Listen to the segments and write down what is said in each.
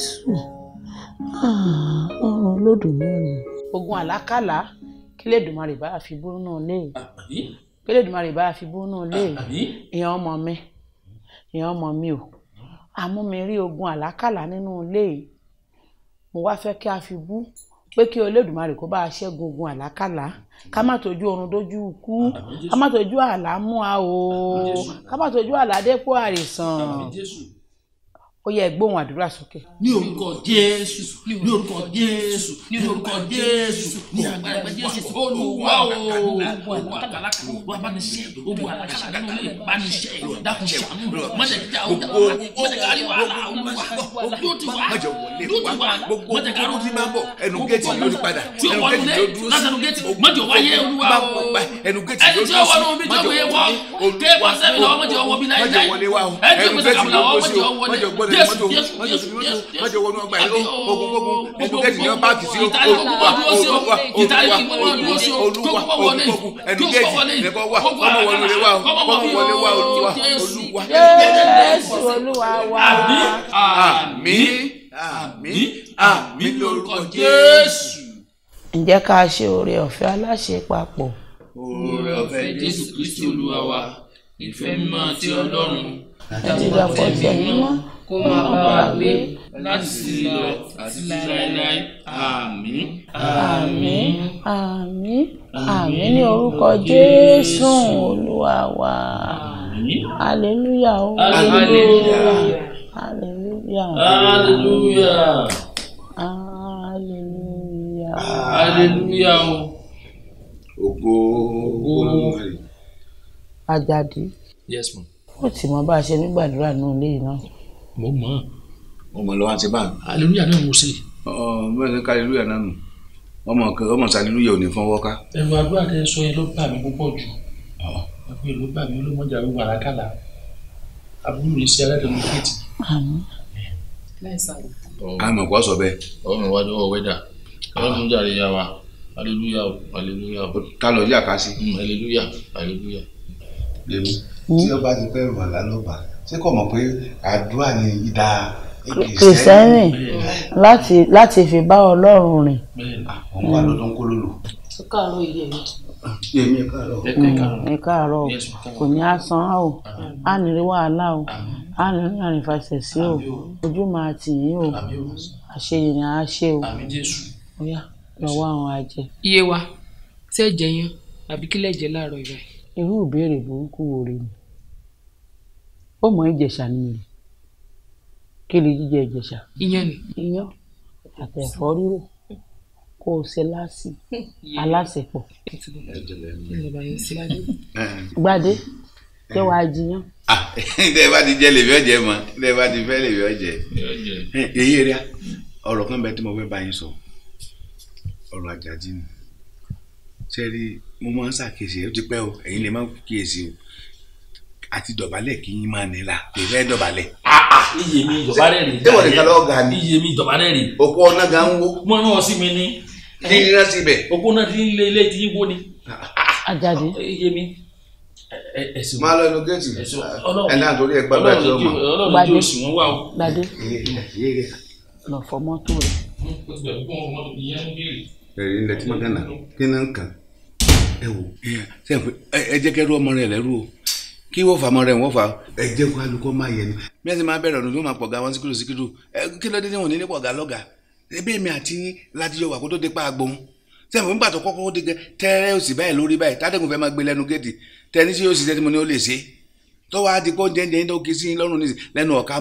jésù ah, ọrùn olódùmarè. ogun àlákàlà kílẹ̀dùmarè bá fi búrú náà lé kílẹ̀dùmarè bá fi búrú náà lé ìyẹn ọmọ mi ìyẹn ọmọ mi o àmọ́ mi rí ogun àlákàlà nínú ilé yìí mo wá fẹ́ kí a fi bú pé kí olódùmarè kó bá a ṣẹ́gun ogun àlákàlà ká má tójú oorun dójú ikú ká má tójú àlá mú a o ká má tójú àlá dépò àrìsàn ó yẹ gbóhùn àdúrà sókè. ní orúkọ jésù ní orúkọ jésù ní orúkọ jésù ní agbára jésù olúwa o olúwa àtàlákà olúwa abániṣe olúwa àlàkàlà nínú ilé ìbániṣe dákun ṣàánú mọ̀jẹ̀ kíjà wàhálà olúwa tó ti wá tó ti wá mọ̀jẹ̀ kárí olúwa máa bọ̀ ẹnu géètì yóò ní padà tí ó wọnú lé látẹnu géètì mọ̀jẹ̀ wáyé olúwa o ẹnu géètì yóò ní sùn mọ̀jẹ̀ wọlé wá o ẹnu géètì yóò ní sùn mọ̀jẹ̀ wọlé wá o ẹnu géètì yóò ní sùn mọ̀jẹ̀ wọlé wá o ẹnu géètì yóò ní sùn mọ̀jẹ̀ wọlé wá o ẹnu géètì yóò ní sùn mọ̀jẹ̀ wọlé wá o ẹnu géètì yóò ní sùn mọ̀jẹ̀ wọlé wá o ẹnu géètì yóò lẹ mọ́tò mọ́tò sí mọ́tò mọ́tò wọnú ọgbà yìí ogun ogun ogun kẹsì náà báàkì sí olúwa olúwa olúwa olúwa ogun ogun ẹnu kẹsì ẹkọ wà ọmọ wọlé lé wà ọmọ wọlé wà olúwa olúwa. Jésù olúwa wá. àmín àmín àmín lórúkọ Jésù. ǹjẹ́ ká ṣe oore ọ̀fẹ́ aláṣẹ papọ̀. oore ọ̀fẹ́ Jésù Kristi olúwa wa ìfẹ́ mímọ́ ti Ọlọ́run àti ìdàpọ̀ ìfẹ́ mímọ́ kó máa bá wa gbé láti sí lọ àti láéláé àmín àmín àmín àmín ní orúkọ Jésù Olúwa wa hallelujah hallelujah hallelujah hallelujah hallelujah hallelujah ògo Olúwa Àjàdí. yes ma'am. ó ti mọ bá a ṣe nígbàdúrà náà léyìí náà mo mọ̀ ọ́. mo mọ̀ lọ́wọ́ àti bá mi. hallelujah náà mo ṣe. ọ bẹ́ẹ̀ ni hallelujah náà nù ọmọ ọmọ hallelujah ò ní fọwọ́ ká. ẹ̀rù àdúrà tẹ sọ yẹn ló bà mí púpọ̀ jù ẹ̀rù ló bà mí olómọjà ló wà lákàlà àbúrò yìí ṣe aládùn ní kéètì. àmọ̀ kò sọ bẹ́ẹ̀. ọmọ ìwádìí ọwọ́ wẹ́dà ọlọ́run jàre yá wa hallelujah hallelujah. ká lọ yà ká sí. Mm, hallelujah hallelujah. lèmi tí ọba ti fẹ́ rùn àlá lọ́ba ṣé kò mọ̀ pé àdúrà ni ìdá kìrìsẹ́nì láti láti fi bá ọlọ́run rìn. àwọn ah, ọmọ àlọ́ ló ń kó lòlò. ẹ káàárọ̀ ìyá mi. èmi ẹ káàárọ̀. ẹ káàárọ̀ mm, kò ní asán o á ní rí wàhálà o á ní rí àrífàṣẹ̀ sí o ojú máa tì yín o àṣeyìn ni a ṣe o ọyá lọ́wọ́ àwọn ajẹ. iye wa ṣé ẹ̀jẹ̀ yẹn àbí kílẹ̀ jẹ́ láàárọ̀ ìrẹ́. irú ìbéèrè burúkú wo rèé ọmọ ìjẹ̀ṣà ni mi kí lè jíjẹ ìjẹ̀ṣà. iyán ni. iyán àtẹ̀fọ́ rírò kó o ṣe láàsì aláṣepọ̀. gbadé ṣé wàá jiyán. ilé ah, bá ti jẹ lèmi ọjẹ mọ ilé bá ti fẹ lèmi ọjẹ. èyí rẹ ọ̀rọ̀ kan bẹ tí mo fẹ́ bá yín sọ ọ̀rọ̀ àjàjì ni ṣe mo máa ń ṣàkíyèsí ẹ ó ti pẹ́ o ẹ̀yin lè má kíyèsí o àti dọ̀bálẹ̀ kì í máa nílà kò fẹ́ dọ̀bálẹ̀. Ah, ah, iye mi dọ̀bálẹ̀ rè é wọ̀nyí kalọ́ ọ̀gá ni iye mi dọ̀bálẹ̀ rè é. òkú ọ̀nà gan wo. mo rán ọ sí mi ní. ní iná sí bẹ̀. òkú náà ti ń lé ilé tí wó ni. Àjàdí. Ah, iye mi. ẹsùn. máa lọ inú géètì ẹ náà torí ẹ gbàgbà tí ó mọ. ọlọ́run jó sì wọ́n wà o. gbadé lọ fọ mọ́tò rẹ̀. ẹ̀rí ilẹ̀ tí mo gánà kí ni n kàn ẹ wò ẹ jẹ́ kẹ́rú ọmọ rẹ̀ lẹ́rú o kí wọ́n fà mọ́ rẹ̀ wọ́n fà. ẹ jẹ́ kó alukọ́ máa yẹ ni. bí wọ́n ti máa bẹ̀rẹ̀ ọ̀nà tó máa pọ̀ga wọn síkírù síkírù kí ló dé tí wọn ní ní pọ̀ga lọ́gà ebi èmi àti láti yọ wà kó tó dé pa agbóhun sẹ́fún nígbà tó kọ́kọ́ dé tẹ́rẹ́ òsì báyìí lórí báyìí tádẹ́gùn fẹ́ máa gbé lẹ́nu géètì tẹ́ni tí yóò ṣiṣẹ́ tí mo ní ó lè ṣe tó wàá di pé oúnjẹ ń jẹ yín tó kí sí lọ́rùn ní lẹ́nu ọ̀ka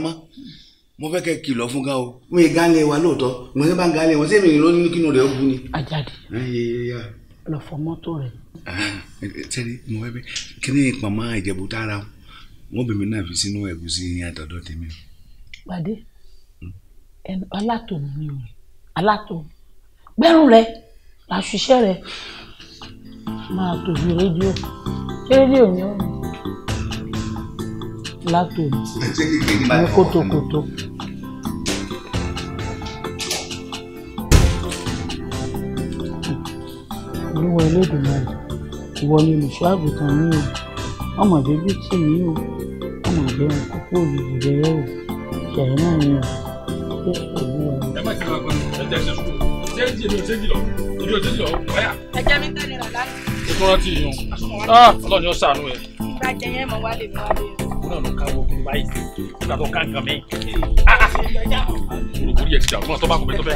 mo fẹ́ kẹ́ kìlọ̀ fún gan o. wọn yìí gánlẹ̀ wa lóòótọ́ wọn yìí bá ń gánlẹ̀ wọn sí èmi ìrìn lónìí kínú rẹ̀ ó bu ni. Àjàdí lọ fọ mọ́tò rẹ̀ sẹ́ni ah, mo fẹ́ bẹ́ kí ni pàmò ìjẹ̀bù tára wọn bèmí náà fi sínú ẹ̀gúsí àtọ̀dọ̀ tèmi. pàdé hmm? alátòmù ni o alátòmù gbẹ́rùn rẹ àṣìṣe rẹ máa tòbi rédíò rédíò ni ó látòmù ní kótókótó. olúwa elédùn náà ìwọ ni olùṣọ́ mi o ọmọ bíbí tì mí o ọmọ àbẹ̀wò kókó òjijì rẹ o ṣàyẹ̀ náà ni o ṣé olúwa ni. ẹ má ṣe máa gbọ́n ẹ jẹ́ ṣe sùn ṣé èjì èmi ò ṣe jìlọ ojú ò ṣe jìlọ ọ̀yà. ẹ jẹ́ mi tẹ́ nira láti. ikú rántí yìí o ah, ọlọ́ni ó ṣàánú ẹ. ìgbàjẹ yẹn mọ wá lè mú wa lóyún. òun náà ló ká wọ kúrú báyìí nígbà tó ká nǹkan mi. Ah, ah, olùkórìí ẹ ti dàgbọ́n tó bá kò fẹ́ tó fẹ́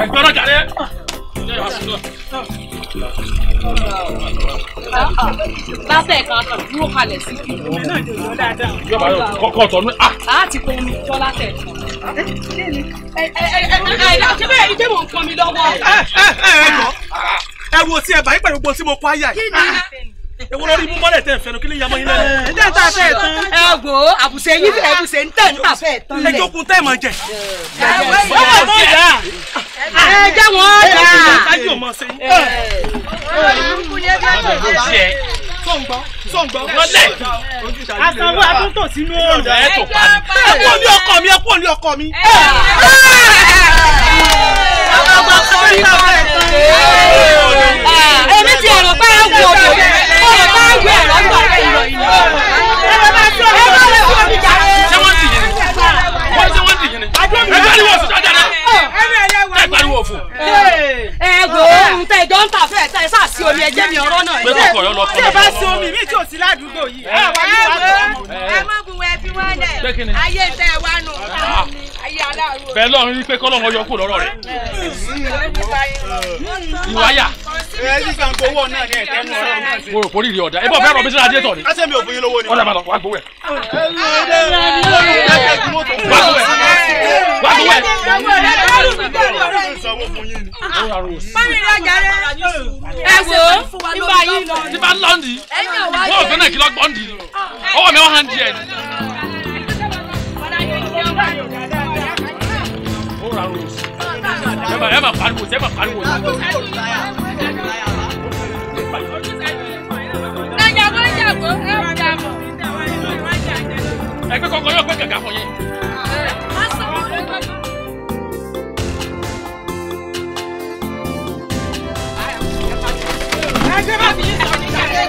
ẹgbẹ́rọ̀ jàre. Bàtà ẹ̀ka kan dúró kalẹ̀ sí kí. Yọ̀bá yọ̀ kọ́kọ́ tọ́nu. Ah! A ti kọ́ omi tọ́ látẹ̀ kan. Ẹ ẹ ẹ ẹ ṣe bẹ́ẹ̀ ni jẹ́ mò ń pọn mi lọ́wọ́. Eh, eh, eh, ẹ ẹ ẹ jọ ẹ wo tí ẹ bá yín pẹ̀lú gbogbo tí mo kọ́ àyà yìí. Kí ni ewu ah! lórí mú mọ́lẹ̀ tẹ̀ fẹ́nu kí lè yamọ́ yín lẹ́nu. ǹjẹ́ ta fẹ́ tán. ẹ gbò àbùsẹ̀ yín fẹ́ àbùsẹ̀ ń tẹ̀ ń tà fẹ́ tán lẹ̀. ẹjọ́ kun tẹ̀ mọ̀ jẹ. ẹ wọ́n mọ̀ jẹ́ ẹ jẹ́ wọ́n dà. ayé ò mọ ṣe sínú òòrùn. ẹ pa mí ní ọkọ mi ẹ ní ọkọ mi. èmi ti ọ̀rọ̀ bá ẹ̀ wù ọ̀dọ̀ ọ̀rọ̀ bá ẹ̀ wù ẹ̀ lọ ẹ̀rọ bá tó ọ̀rọ̀. bẹ́ẹ̀ lọ́run wípé kọ́lọ́run ọyọ kò lọ́rọ̀ rẹ̀ ìwáyà. ẹ ní sanko owó náà ní ẹ̀tẹ́ nù ọ̀rọ̀ náà sí. mo rò pórí rí ọ̀dà ẹ bọ̀ fẹ́ rọ̀ bísí adé tọ̀ ni. ẹsẹ̀ mi ò fún yín lówó ni. ọ̀dà bàbá wà gbowó ẹ̀. wà gbowó ẹ̀ wà gbowó ẹ̀. báyìí ọjà rẹ ẹ wo ibà yìí lọ. ibà lọ́ndì. wọ́n ò fẹ́ náà kí lọ́gbọ́ndì. ọwọ́ mi wọ́n hàn díẹ̀ ni. rà o ẹ má ẹ má pariwo ẹ má pariwo. ẹjàgbọ́ ẹjàgbọ́ ẹ má dààmú. ẹgbẹ́ kọ́kọ́ yóò gbé gàgà fún yín. Hey,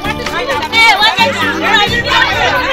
what's up?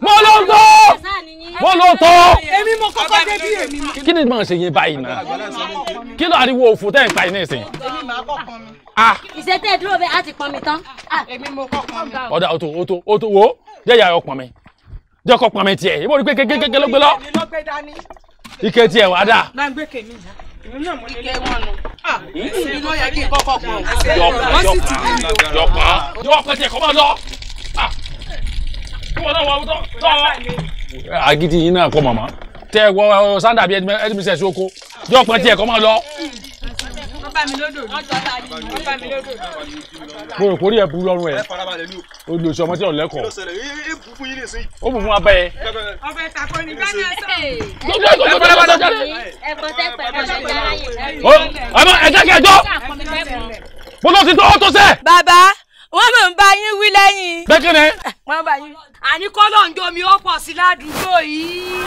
mo ló ń tọ́ mo ló ń tọ́. èmi mo kọ́kọ́ dé bí èmi. kí ni màá ṣe yín báyìí náà kí ló ariwo òfò tẹ́ ẹ̀ pa iná ìsìn. èmi màá kọ́ pọn mi. Ah! ìṣe tẹ́ ẹ dúró bẹ́ẹ̀ á ti pọn mi tán. Ah! èmi mo kọ́ pọn mi. ọ̀dà o tó o tó o tó wo jẹ́ ìyá ọ̀ pọn mi jẹ́ kọ́ pọn mi tiẹ̀ ìbò rí pé kékeré ló gbé lọ. ike tiẹ̀ wá dà. náà gbé kèmí yọ̀pọ̀ yọ̀pọ̀ yọ̀pọ̀ tẹ̀ kọ́ bá lọ ìwọ náà wọ tọ́ agidi yín náà kọ màmá tẹ ẹ wọ sanda bíi ẹdínmísẹ̀ sí oko yóò pẹ́ tiẹ̀ kọ́ máa lọ. mo rò kórìí ẹ bu lọ́rùn ẹ o lè sọ ọmọ tí ò lẹ́kọ̀ọ́ ó bù fún abẹ́ ẹ. ọbẹ̀ tako ni bá náà sọ. ẹ̀gbọ́n tẹ pẹ̀lú ọ̀sẹ̀ jára yẹn. ọmọ ẹ̀jẹ̀ kẹjọ mo lọ sí tó tó sẹ́. bàbá wọ́n mọ̀ ń bá yín wí lẹ́yìn. bẹ́kẹ̀rẹ́. wọ́n bá yín. àní kọ́lọ̀ ń domi ó pọ̀ sí ládùúgbò yìí.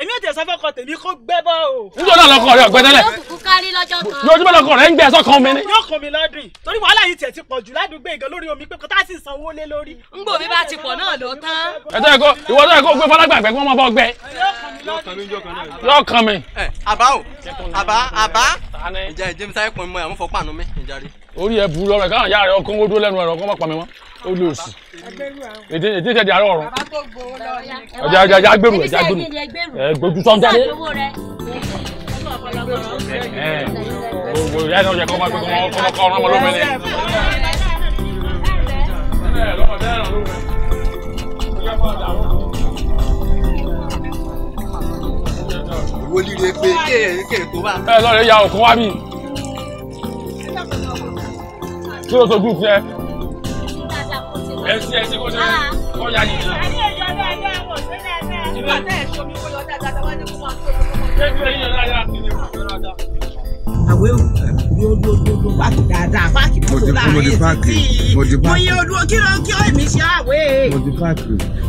èmi ò tẹ̀sán fọkàn tèmi kó gbẹ́ bọ́ o. nítorí ọlọ́kọ rẹ ọ̀gbẹ́ tẹ́lẹ̀. yóò kúkú kárí lọ́jọ́ kan. lójúmọ́ lọ́kọ rẹ ń gbẹ ẹ̀sọ́ kan mi ni. yóò kàn mí ládùn yìí torí wàhálà yìí tiẹ̀ ti pọ̀ jù ládùúgbò ìgan lórí omi pé kò tá a sì sanwó lé lórí. ń gbò mi bá ti pọ̀ náà ló tán. ẹ̀tọ́ ẹ̀kọ́ ìwọ tó ẹ̀kọ́ gbé fọlágbà gbẹ́ kí wọ́n mọ bọ́ gbẹ. yóò kàn mí. àbá o àbá àbá ìjà ìjẹmísáyé pọ̀ mọ́ ẹ̀ àwọn fọ́pàánú mi ìjà rí orí ẹ burú lọ́rọ̀ yára ọkọ owó dúró lẹ́nu ẹ̀rọ ọkọ má pa mi ó lè òsì èdè èdè tẹ̀ di àárọ̀ ọ̀run ọjà ọjà ọjà agbèrú ẹjà agbèrú ẹ gbójú sọ́njáde ẹ gbogbo ìyá ìnáwó yẹ kọ́ máa gbé kéèké tó bá. ẹ lọ́ọ̀rẹ́ ya òkú wá mi kí ló sojú fún ẹ. ẹsí ẹsí kó ṣe kó yá yìí. ẹni èyí ọdún ẹgbẹ́ ẹ̀wọ̀n sílẹ̀ ẹgbẹ́ ẹ̀. nígbà tẹ́ ẹ̀ ṣomi kó lọ dáadáa tó wá ní kó máa tó lọ́wọ́. Àwẹ̀ yóò dúró dúró páàkì dáadáa páàkì tó tó láàrin títí mo yẹ odúró kí ló kí ó èmi ṣe àwẹ̀.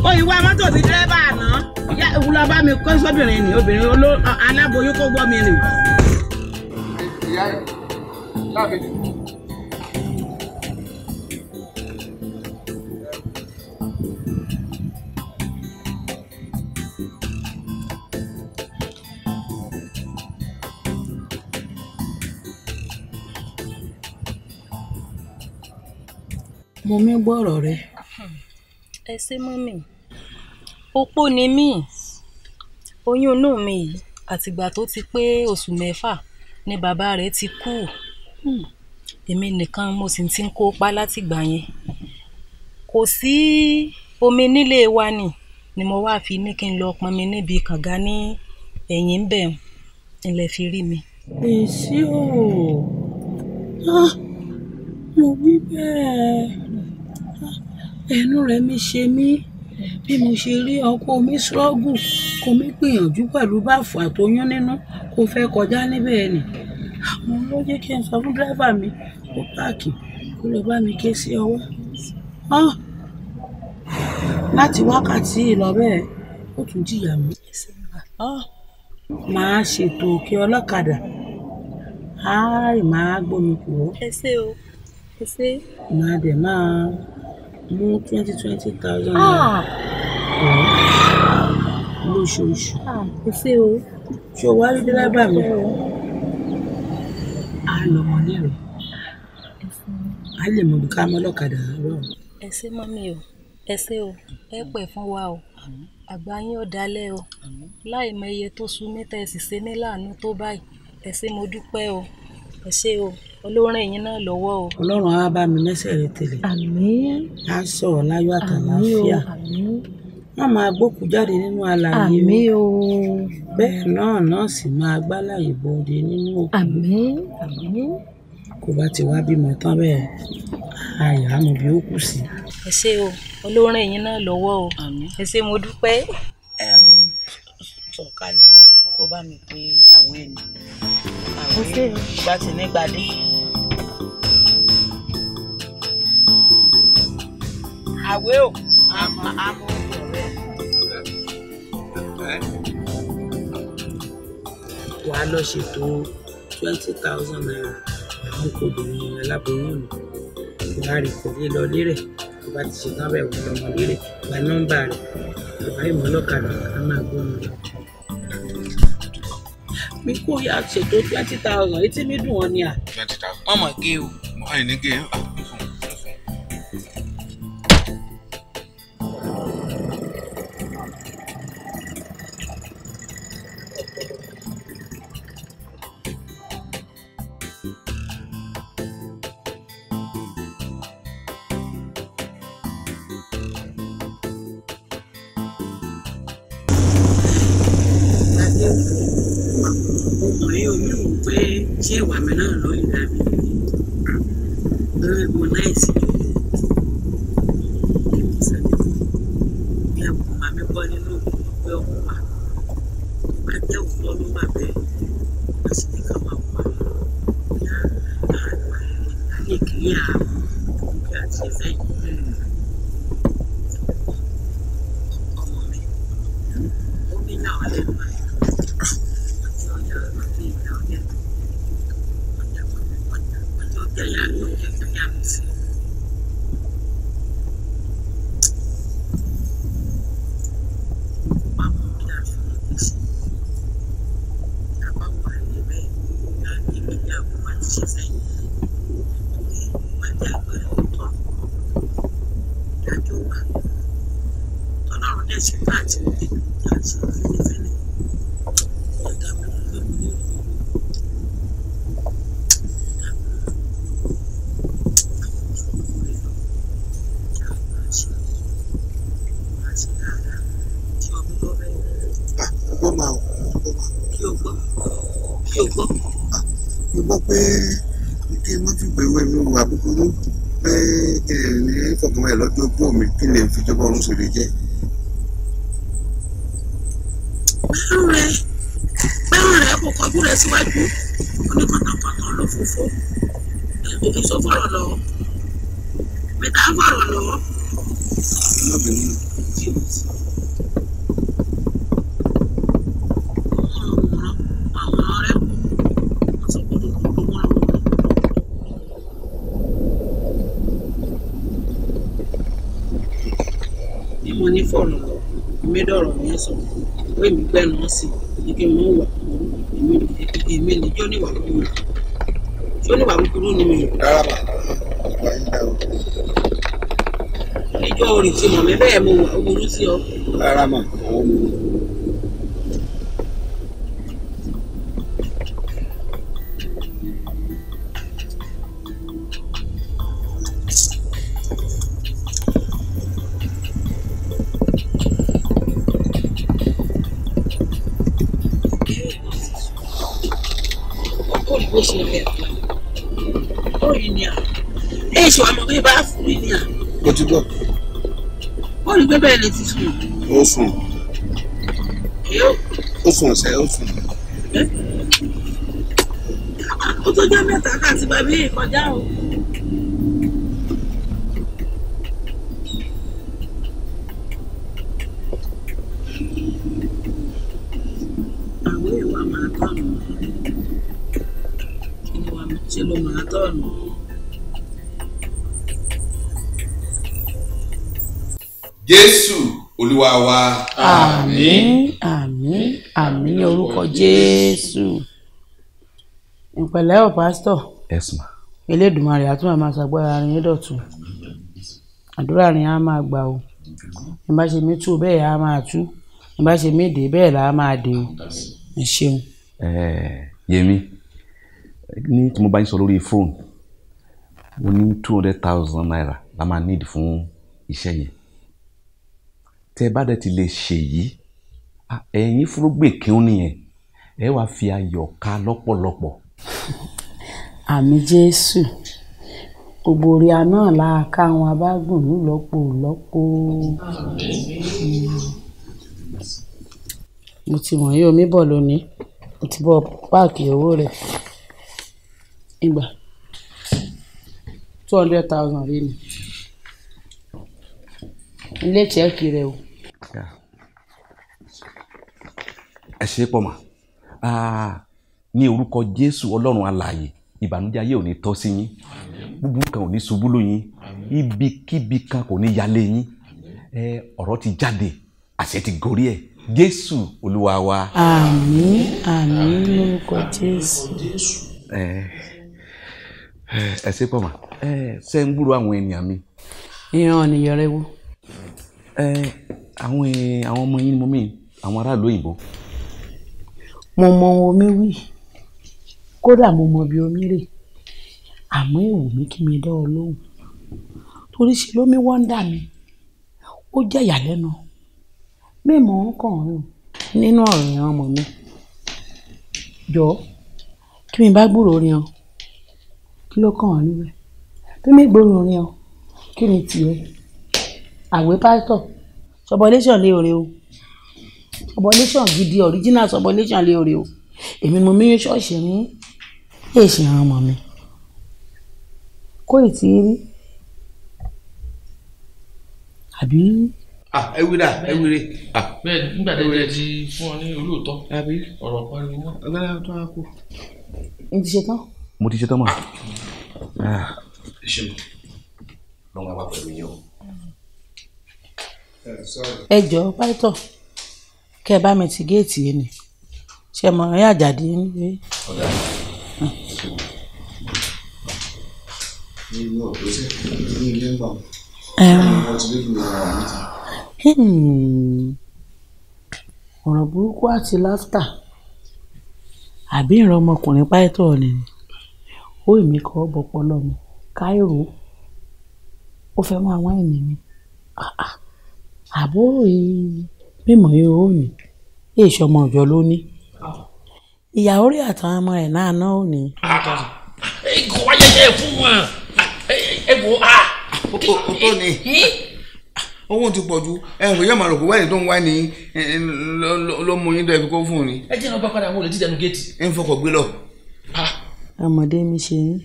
Ó ìwà mọ́tò ti dírẹ́bà àná ìyá ìwúlọ bá mi kọ́ sóbìnrin ni obìnrin aláboyún kó gbọ́ mi rìn. Ìyá yìí láàbẹ̀ mo mí gbọ́rọ̀ rẹ. ẹ ṣe mọ́mì opó ni mí oyún inú mi yìí àtìgbà tó ti pé oṣù mẹ́fà ni bàbá rẹ̀ ti kú hmm. èmi nìkan mo sì ti ń kópa látìgbà yẹn kò sí omi nílé wa ni ni mo wá fi ní kí n lọ pọnmi níbi kànga ní ẹ̀yìn ń bẹ̀ ilẹ̀ fi rí mi. èsì o ah, mo wí bẹ́ẹ̀ ẹnu rẹ̀ mi ṣe mí bí mo ṣe rí ọkọ mi ṣọ́ọ̀gù kò mí gbìyànjú pẹ̀lú báàfù àtọyún nínú kò fẹ́ kọjá níbẹ̀ ni àwọn ló jẹ́ kí n sọ fún dírẹ́fà mi kó páàkì kó lọ bá mi ké sí ọwọ́ ah! láti wákàtí lọ bẹ́ẹ̀ ó tún jìyà mí ah! máa ṣètò òkè ọlọ́kadà àárẹ̀ máa gbómi kúrò. ẹ ṣé o ẹ ṣé. máa dẹ̀ máa mú twenty twenty thousand ah. naira lóṣooṣù. Hmm. Ah, kò o. ṣé o wá rí dẹ́lábà mi? a lọ mọ ní rẹ̀ a lè mọ bí ká mọ lọ́kadà rọ̀. ẹ ṣé mọ́mí o ẹ ṣé o ẹ pẹ̀ fún wa o àgbà yín ò dalẹ̀ o láì mọ iye tó sú mi tẹ́ ẹ sì ṣe ní láàánú tó báyìí ẹ ṣé mo dúpẹ́ o ẹ o olórin yín náà lọ́wọ́ o. ọlọ́run á bá mi mẹ́sẹ̀ rẹ tẹ̀lé. àmín. á sọ̀rọ̀ láyọ̀ àtàlàáfíà. àmín o àmín. wọ́n máa gbókù jáde nínú alààyè o. àmín o. bẹ́ẹ̀ náà náà sì máa gbálàyè bòde nínú òkú. àmín kò bá ti wá bímọ tán bẹ́ẹ̀ ayọ̀ àmọ̀ bí ó kù sí. ẹ o olórin yín náà lọ́wọ́ o. àmín. ẹ ṣé mo dúpẹ́. ẹ ń sọ̀kalẹ̀ kó bá mi pé àwọn ẹni àwọn ẹni ìgbà tí ní gbadé. àwẹ̀ o àmọ́ àmọ́ ọ̀rẹ́. wàá lọ ṣètò twenty thousand naira àwọn kò bìnrin aláboyún ọ̀nà wàá rí kò lè lọ lérè tó bá ti ṣe tán bẹ̀ wọ́n lọ́mọ lérè gba nọ́mbà rẹ̀ bàbá ìmọ̀lọ́kadà á máa gbóhùn lọ mi kó yà ṣètò twenty thousand etí mi dùn ọ́ ni à. twenty thousand. mọ̀mọ́ gé o. mọ̀ ẹ̀ ní gé o. ogun ẹ̀ lọ́jọ́ ogbó mi kí lè fi jọba ọ̀run ṣòro jẹ́. bẹ́rù rẹ bẹ́rù rẹ kò kọjú rẹ síwájú onípàtàkùn àtọ̀ ló fòfò èmi sọ fọ́rọ̀ lọ. lẹ́nu wọn sí ní kí n mọ wà èmi ní yóò níwà kúkúrú yóò níwà kúkúrú ni mi ò. rárá bàbá yín dá o. ìjọ orin ti mọ̀ mi bẹ́ẹ̀ mo wà ó burú sí ọ. rárá níbẹ̀ lè ti sùn. ó sùn. ó sùn ọ̀sẹ̀ ó sùn. ó tó jẹ́ mẹ́ta káàtì bàbí ìkọjá o. àwọn ìwà màá tọ̀nù ìwà ṣe lo màá tọ̀nù. jésù oluwa wa. Ami àmín àmín ní orúkọ jésù. ìpẹ̀lẹ́ ọ̀ pásítọ̀. yes ma. elédùnmarè àtúnwà máa ṣàgbára rìn yín dọ̀tun àdúrà rìn o ìbá ṣe mí tú bẹ́ẹ̀ á máa tú ìbá ṣe mí bẹ́ẹ̀ là á máa o ẹ ṣeun. ẹ ní tí mo bá ń sọ lórí fóònù mo ní two hundred thousand naira la máa need fún iṣẹ́ yẹn tẹ́ bá dẹ̀ ti lè ṣèyí ẹ̀yin fúrúgbìn kíún nìyẹn ẹ wá fi ayọ̀ ká lọ́pọ̀lọpọ̀. àmì jésù gbogbo orí aná làákà àwọn abágùn lọ́pọ̀ lọ́pọ̀ mo ti wọ̀nyí omi bọ̀ lónìí mo ti bọ̀ páàkì owó rẹ̀ ìgbà two hundred thousand rí ni ilé ìṣẹ́kì rẹ̀ o. ẹ ṣe pọ̀ mà ní orúkọ Jésù Ọlọ́run alààyè ìbànújẹ́ ayé ò ní tọ́ sí yín búburú kan ò ní ṣubú lù yín ibikíbi kan kò ní yálé yín ọ̀rọ̀ ti jáde àṣẹ ti gorí ẹ̀ Jésù Olúwa wa. àmín àmín lórúkọ Jésù. ẹ ṣe pọ̀ mà ṣe ń gbúrò àwọn ènìyàn mi. ìran ènìyàn rẹ wo. àwọn ọmọ yín ni mo mí àwọn aráàlú òyìnbó mo mọ omi wì kódà mo mọ bí omi rè àmọ́ èwù mi kí mi dá ọ lóhùn torí ṣe lómi wọ́ndà mi ó jẹ́ ìyàlẹ́nu mímọ́ ń kàn án nínú ọ̀rọ̀ ọmọ mi jọ kí mi bá gbúrò orin ọ kí ló kàn án níbẹ̀ bí mi gbúrò orin ọ kí ni tiẹ̀ àwẹ̀ pásítọ̀ sọ̀bọ̀ iléeṣẹ́ lé orin o subordination gidi original subordination lè rè o èmi mo míyún ṣọ́ọ̀ṣì ní èsì àwọn ọmọ mi kó ìtì rí àbí. Ah, ẹ wí dà ẹ wí re. Ah. bẹ́ẹ̀ nígbà tí ẹ ti fún ọ ní olóòótọ́ ọ̀rọ̀ pariwo mọ́. ọgbẹ́ni tó wá kú. n ti ṣe tán. mo ti ṣe tán mọ́. Ah. ṣé lọ́wọ́ wa pẹ̀lú yẹn o. Eh, ẹ jọ pátọ kẹ́ ẹ bá mi ti géètì yìí ni ṣe mọ̀ ẹ́ àjàdí ní pé. ọ̀rọ̀ burúkú àti láftà àbí ìran ọmọkùnrin páìtọ́ ni ó èmi kọ́ bọ̀pọ̀ lọ́mọ káìrò ó fẹ́ máa wá ìní mi àbúrò yìí mímọ̀ yìí ó ní èyí sọmọ ọjọ́ ló ní ìyàwó rẹ̀ àtàwọn ọmọ rẹ̀ náà náà ò ní. kò wáyé ẹ fún wọn ẹ wò á. o tó ní owó ti pọ̀ ju ẹ̀rù yóò máa rò pé wáyé tó ń wá ní ló mú yín dọ̀ẹ́ kó fún un ni. ẹ jẹ́ ìrànlọ́pàá padà wọlé jíjẹnu géètì. ẹ ń fọkọ̀ gbé lọ. àmọ̀dé mi ṣe yín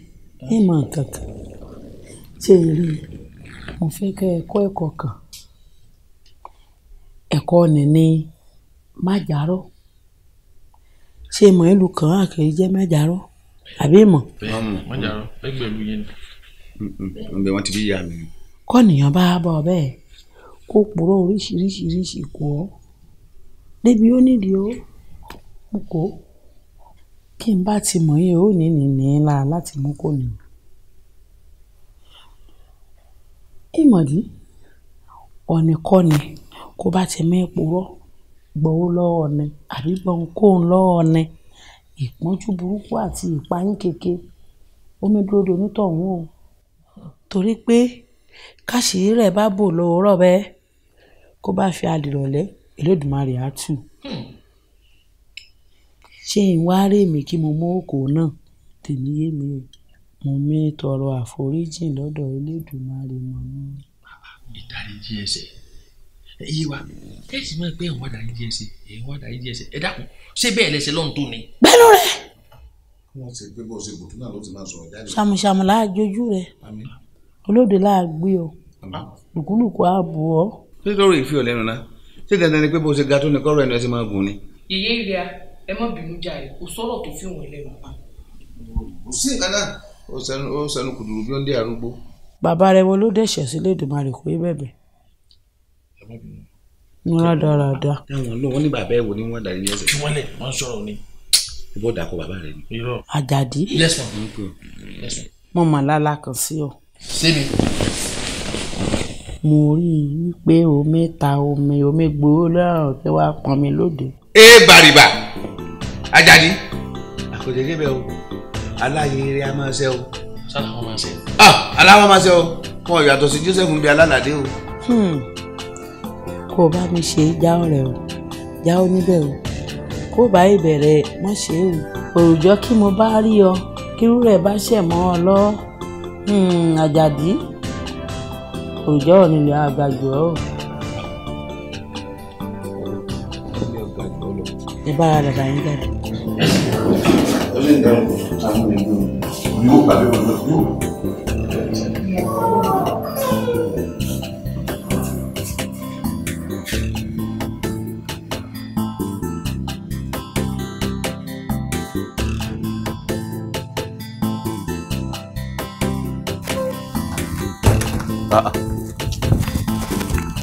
ẹ máa kankan ṣe ìrí mo fẹ́ kẹ́ ẹ kọ́ ẹ̀kọ́ kan ẹ̀kọ́ ni ní májàrọ́ ṣé mọ̀ ìlú kan àkèrè jẹ́ májàrọ́ àbí mọ̀. májàrọ́ ẹgbẹ́ ìlú yẹn ni. ọ̀gbẹ́ wọn ti bí ìyá mi. kọ́nìyàn bá bọ̀ bẹ́ẹ̀ kó pòrò oríṣiríṣiríṣi kù ọ́ débi ó nídìí ó mú kó kí n bá ti mọ̀ yẹn ó ní nìní ńlá láti mú kó nìyí. ìmọ̀dí ọ̀nìkọ́ni kó bá ti mí purọ́ gbowó lọ́wọ́ ni àbí gbọ̀nkóhùn lọ́wọ́ ni ìpọ́njú burúkú àti ìpayín keke omi dúró de onítọ̀hún o torí pé káṣírí rẹ̀ bá bò lọ́wọ́rọ́ bẹ́ẹ̀ kó bá fi àdìrọ̀lẹ́ Elédùmarè á tù ṣé n wá rí èmi kí mo mú òkò náà tèmi yé mi o mo mi tọrọ àforíjì lọ́dọ̀ Elédùmarè mọ́ mi. ìdáríjì ẹ̀ṣẹ̀ èyí wa ẹ sì máa gbé ìwádà yìí díẹ̀ sí ìwádà yìí díẹ̀ sí ẹ dákun ṣé bẹ́ẹ̀ lẹ́sẹ̀ lọ́n tó ni. bẹ́ẹ̀nu rẹ̀. wọ́n ti gbé bọ́ọ̀sì ìbùdó náà ló ti máa sọ̀rọ̀ jáde. ṣàmùṣàmù láà jojú rẹ̀ olóde láà gbé ọ lùkúlùkù á bù ọ. ṣé lórí ìfi ọ̀lẹ́nu náà ṣé dandan ni pé bó ṣe ga tó ni kọ́rọ̀ ẹnu ẹ ti máa gùn ni. yèyé ìrìà ẹ má bínú jàre kò sọ̀rọ̀ tó fi wọn lẹ́nu pa. ó sẹnu kùdùrù bí ó dé arúgbó. bàbá rẹ wo ló dẹ̀ṣẹ̀ sílé ìdùnmọ̀ rẹ̀ kó bẹ̀bẹ̀ wọn á dára dá. táwọn lọ wọn ní bàbá ẹ wo ni wọn dàrí ní ẹsẹ. wọlé wọn sọ̀rọ̀ ni. ibo dàkọ bàbá rẹ ni. àjàdí. yes ma. yes ma. mo mà lálá kan sí ọ. sẹ́mi. mo rí i wípé omi ta omi omi gbowó lọ́rùn tí wàá pọn mi lóde. ẹ bàrìbà àjàdí. àkòjọ débẹ̀ o aláyẹyẹ a máa ṣe o. sálà wọn máa ṣe. Ah, aláwọ̀ máa ṣe o wọn yàtọ̀ sí Joseph ń bẹ alálàdé o. Hmm kó o bá mi ṣe jáwọ́ rẹ̀ o jáwọ́ níbẹ̀ o kó o bá ìbẹ̀rẹ̀ mọ́ ṣe o òòjọ́ kí mo bá rí ọ kírú rẹ̀ bá ṣẹ̀ mọ́ ọ lọ àjàdí òòjọ́ ò nílò àgbàjọ o. ẹ bá ara dàda yín jáde. ó lè dáhùn àwọn èèyàn yóò pàdé wọn yóò.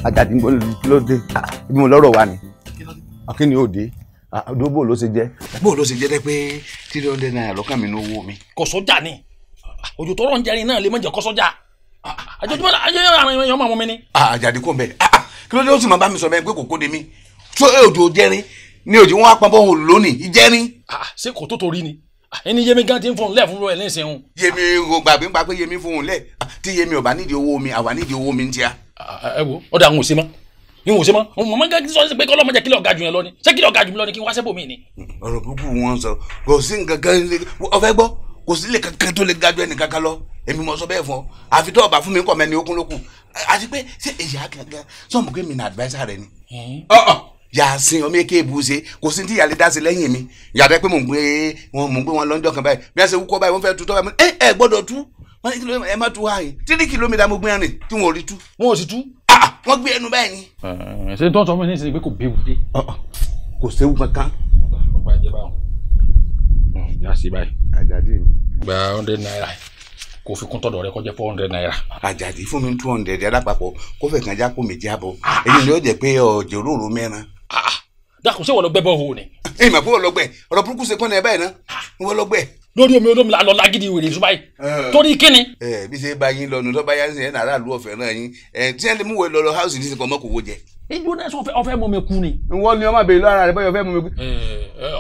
àjàdí ah, ah. ló dé ah, ibi mo lọ́rọ̀ wa ni kí ni òde àdóbò ló ṣe jẹ́. bó ló ṣe jẹ́ dẹ́ pé three hundred naira lọ́kàn mi ní owó mi. kò sọ́jà ni òjò tó rọ̀ ń jẹrin náà lè má jẹ́ kó sọ́jà àjọjúmọ́ àjọyọ̀ àwọn èèyàn máa mọ mi ni. àjàdí kò mẹ́ kí ló dé ó sì máa bá mi sọ bẹ́ẹ̀ pé kò kóde mi tó òjò jẹrin ni òjò wọn á pọn bọ́ òun lónìí ìjẹrin. ṣé kò tó torí ni ẹni yémi gan ti ń fòun lẹ fún rẹ lẹsẹ òun. yémi gbàgbé ń pa pé yémi fòun lẹ tí yémi ò nídìí owó mi àwa nídìí owó mi ń tíya. ẹ wo ọ̀dà àwọn òsè mọ́ n wò se mọ mo máa ń gẹ́gẹ́ sọ pé kọ́lọ́mọ jẹ́ kí lọ́ọ́ ga jù yẹn lọ ni ṣé kí lọ́ọ́ ga jù mí lọ ni kí n wá sẹ́bò mi ni. ọ̀rọ̀ gbogbo wọn sọ kò sí nǹkan kan ọ̀fẹ́ gbọ́ kò sí lè kankan tó lè ga jù ẹnìkan kan lọ èmi mọ̀ sọ bẹ́ẹ̀ fún ọ àfi tó ọba fún mi kọ̀ mẹ́ni okun àti pé ṣé èyí á kankan sọ mi ní adviser rẹ ni yàsìn ọmọ èké ìbùsẹ kò sí ti yàlẹ dáṣe lẹ́yìn mi yàtọ̀ pé mò ń gbé wọn mò ń gbé wọn lọ́njọ́ kan báyìí bí wọ́n ṣe wúkọ́ báyìí wọ́n fẹ́ tutọ́ báyìí ẹ eh, ẹ gbọ́dọ̀ tú wọ́n ní kí ló ẹ má tu wáyé tírí kìlómítà mo gbé rìn tí wọn ò rí tú. wọn ò sì tú. Ah, ah, wọ́n gbé ẹnu báyìí ni. ṣé tó ń sọ fún mi ní ìsinmi pé kò béwu dé. Ah, kò séwu kankan. ọba ìjẹba ọ̀hún. yàsì báyìí. àjàdí mi. gba hundred naira kò fi kún tọ̀dọ̀ rẹ kó jẹ́ four hundred naira. àjàdí fún mi two hundred alápapọ̀ kó fẹ́ kan kó méjì àbọ̀ èyí ni ó jẹ́ pé ọ̀jẹ̀ òróró mẹ́rin Ah, dákun ṣé wọ́n lọ gbẹ́ bọ́ọ̀hù ni. ẹ ẹ mà fún ọlọgbẹ ọ̀rọ̀ burúkú ṣe pọnà ẹ báyìí náà wọ́n lọgbẹ. lórí omi olómi la lọ lágídí wèrè ìṣúbà yìí torí kíni. ẹ bí ṣe bá yín lọnu lọ́ba yá ṣe ẹ̀ nàrà lu ọ̀fẹ́ náà yín ẹ tí ẹ lè mú wẹ lọ lọ house ní sìnkàn ọmọkòwò jẹ. ìjọ náà sọ ọfẹ mọ mi kú ni. wọ́n ní ọmọ àbẹ̀lẹ̀ ara rẹ̀ báyọ̀ fẹ́ mọ mi kú.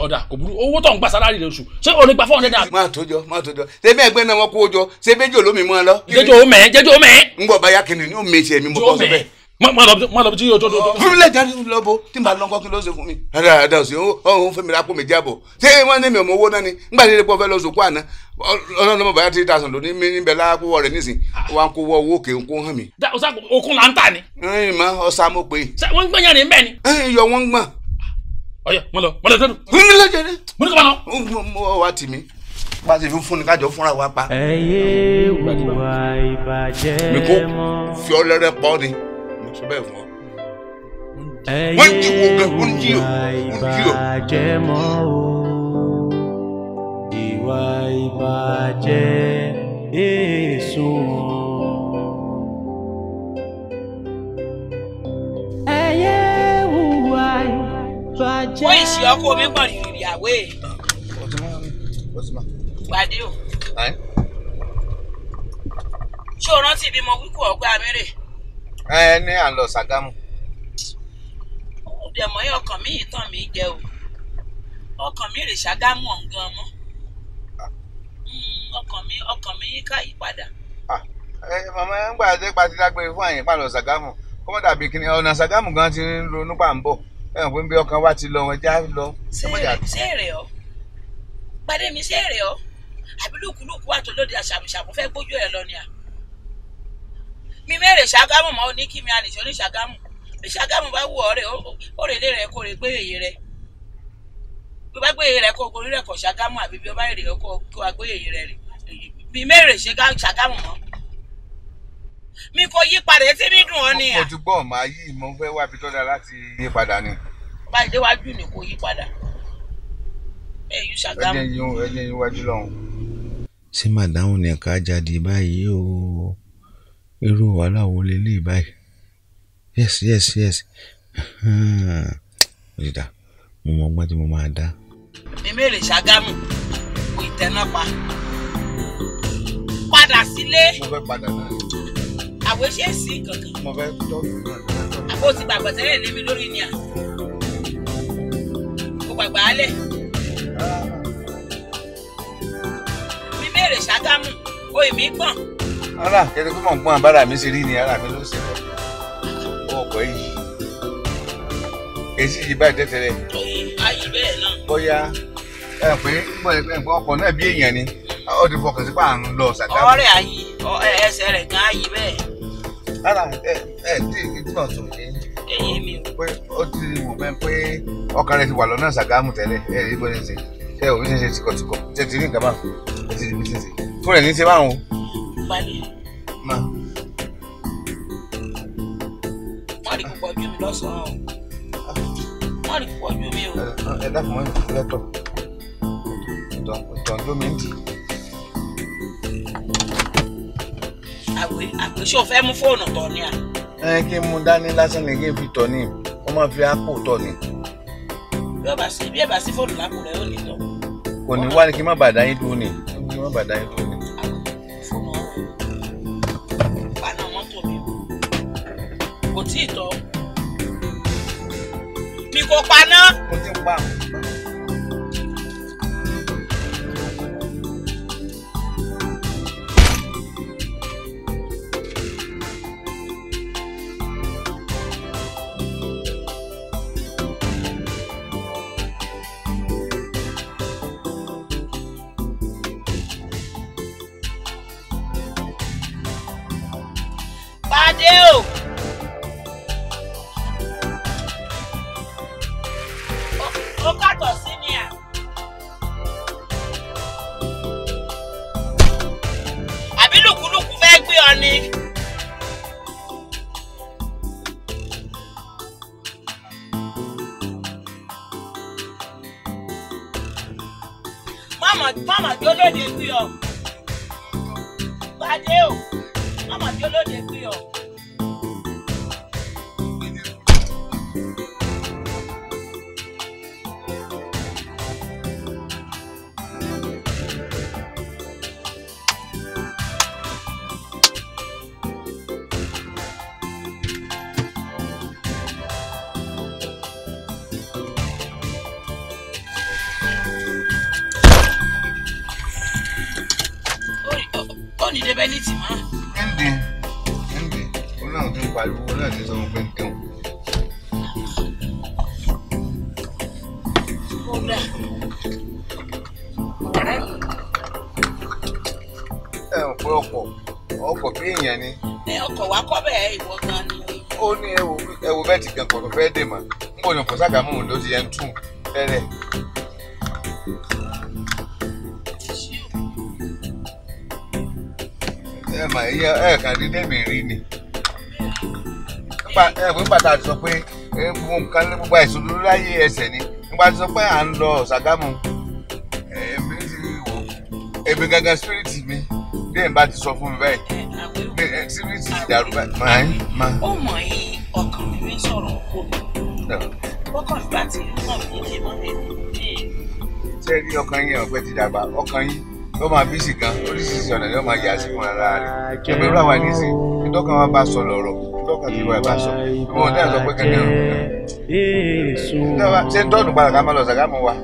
ọ̀dà kò burú owó tó ń gba sálárì rẹ̀ oṣù ṣé o lè gba fọ́ọ̀nù náà. máa tó jọ máa tó jọ ṣé bẹ́ẹ̀ gbẹ́ náà wọ́n kó o jọ ṣé bẹ́ẹ̀ jọ lómi mọ́ ọ lọ. jẹjọ o mẹ́ jẹjọ o mẹ́. ń bọ̀ báyà kìnìún ní òun mẹ́ tiẹ̀ mi mọ́ bọ́ sọ bẹ́ẹ̀ má lọ bí tí yóò tó tó. fún mi lè jáde lọ́bọ̀ tí n bá lọ́kọ́ kí ló ṣe fún mi. ẹ̀rọ ẹ̀dá òsì ọ̀hún fún mi lápò mi jábọ̀ ṣé wọ́n ní mi ò mọ owó náà ni nígbà tí epo fẹ́ lọ sòkó àná ọlọ́run ọmọ bàyá tí ta sàn lónìí mi níbẹ̀ lápò rẹ̀ nísìn wa kó wọ owó òkè nkó hàn mi. okun là ń tà ni. ẹyìn mọ ọsà mo pè. wọ́n gbọ́n yàrá ìbẹ́ ni. ẹyìn yọ wọ́n gbọ́n. ọyọ mọ lọ mọ fún mi lọ́jọ́ dé. mo ní kọ́ ma lọ. mo wá tì bá a ti fún ni kájọ fúnra wa pa. ẹ yé wùwà ìbàjẹ́ mọ́. mi kò fi ọ pọ́ ni kò sí fún ọ. wọ́n jí ìbàjẹ́ mọ́ o ìwà ìbàjẹ́ èso wọn. wọ́n ìsì ọkọ mi pọ̀ rìrì àwẹ̀. pàdé o. ṣé o rántí ibi mo wíkú ọgbà mẹ́rẹ̀? ẹ ní à ń lọ Ṣàgámù. òde mọ́ ọkàn mi yìí tàn mí jẹ o ọkàn mi rè Ṣàgámù ọ̀hún gan mọ́ hmm, ọkàn mi ọkàn mi yíká yí padà. ẹ màmá ń gbà dé pa ti dágbére fún àyìnbá lọ Ṣàgámù kọ́mọ dàbí kìnì ọ̀nà Ṣàgámù gan ti ń ronú pàǹbọ̀ ẹ̀ ń pín bí ọkàn wa ti lọ wọn já lọ. ṣé èrè ọ pàdé mi ṣé èrè ọ àbí lùkùlùkù àtòlóde àṣàmùṣàmù fẹ́ gbójú ẹ lọ ni à mi mẹ́rẹ̀ ṣàgámù mọ́ ní kí mi àlèṣọ́ ní ṣàgámù ṣàgámù bá wù ọ̀rẹ́ òrèlé rẹ̀ kó rè gbéyè rẹ̀ bí bá gbéyè rẹ̀ kó gorí rẹ̀ kọ̀ ṣàgámù àbí bí ọba èrè ọkọ̀ kó agbéyè rẹ̀ rè mi mẹ́rẹ̀ ṣàgámù mọ́ mi kò yí padà etí mi dùn ọ́ ni à. mo ti gbọ́ màá yí mo fẹ́ wá ibi tó dáa láti yí padà ni. bá a déwájú ni kò yí padà ẹ̀yìn ṣàgámù. ẹ jẹ́ yín wájú lọ́hùn. sí màdáhùn nìkan jáde báyìí o irú wàhálà wo leléyìí báyìí yes yes yes ó ti dà mo mọ ọgbọ́n tí mo máa dá. mímèrè ṣàgámù kò ìtẹnápa padà sílé. mo fẹ́ sí kankan. àbó ti gbàgbọ́ tẹ́lẹ̀ lé lórí ni à. mo gbàgbọ́ alẹ́. Ah. mímèrè ṣàgámù oyè mi gbọ̀n ara kẹtẹ kó mọ̀ gbọ́n àbára mi ṣe rí ni ara mi ló ṣe lọ ọkọ̀ yìí èsì yìí báyìí tẹ́tẹ́rẹ́ bóyá ẹ pé ọkọ̀ náà bí èèyàn ni ó ti fọkàn sí pààrùn lọ ṣàkàwé. ọ̀rẹ́ àyè ẹsẹ̀ rẹ̀ gan ayé bẹ́ẹ̀. ara ẹ ẹ tí ìtumọ̀ tó yé ẹyẹ mi o. pé ó ti wò bẹ́ẹ̀ pé ọkàn rẹ ti wà lọ́nà ṣàgámù tẹ́lẹ̀ ẹ rí bó ṣe ṣe ẹ ò ní ṣe ṣe tìkọ̀tìkọ̀ tẹ́tí ní ìgbà máa tẹ́tí ní bí ṣe ṣe fún rẹ̀ ní ṣe báwọn o balẹ̀. má. wọ́n rí púpọ̀ mi lọ́sàn-án o wọ́n rí púpọ̀ mi o. ẹ dákun mọ́ ìfúnlẹ́tọ̀ ìtàn lómi ń dì. àwẹ̀ ṣé o fẹ́ mú fóònù tọ̀ ni à. ẹ kí n mú dání lásán ni kí n fi tọ̀ ni wọ́n máa fi ápò tọ̀ ni. bí ẹ bá sí bí ẹ bá sí fóònù lápò rẹ ó lè tọ̀. kò ní wá ní kí n má bàa dá yín dúró ni kí n má bàa dá yín dúró ni. kò tí ì tọ́ mi kò paná. mo ti ń pa àwọn. mú un ló ti yẹn tún rẹ́rẹ́. ẹ mà ẹ ẹ kàn ní dẹ́mi rí ni ẹ pé pàtàkì sọ pé mo nǹkan ní gbogbo àìsàn olóró láyé ẹsẹ̀ ni nípa ti sọ pé à ń lọ Ṣàgámù èmi ti wò èmi gangan spirit mi bí ẹ̀ bá ti sọ fún mi báyìí spirit ti dàrú báyìí. kàn gbà tí wọn fi lè mọ ẹni. ṣé rí ọkàn yín ọ̀pẹ ti dàgbà ọkàn yín ló máa bí sí gan oríṣiríṣi ọ̀nà ló máa yà sí fún ara rẹ̀ ẹgbẹ́ rà wá ní sí ìtọ́ka wa bá sọ lọ́rọ̀ ìtọ́ka tí wọ́n bá sọ ìwọ̀n ọ̀dẹ́ àti ọ̀pẹ kankan rẹ̀. ṣé dọ́ọ̀nù padà ká máa lọ sàgámù wa.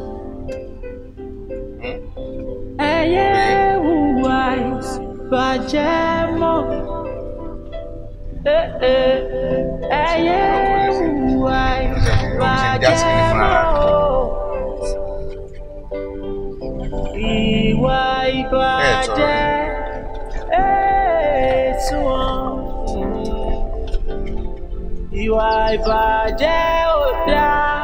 ẹyẹ wùwà ìbàjẹ́ mọ́ eh, eh, ẹyẹ. ìbàjẹ́ ò dáa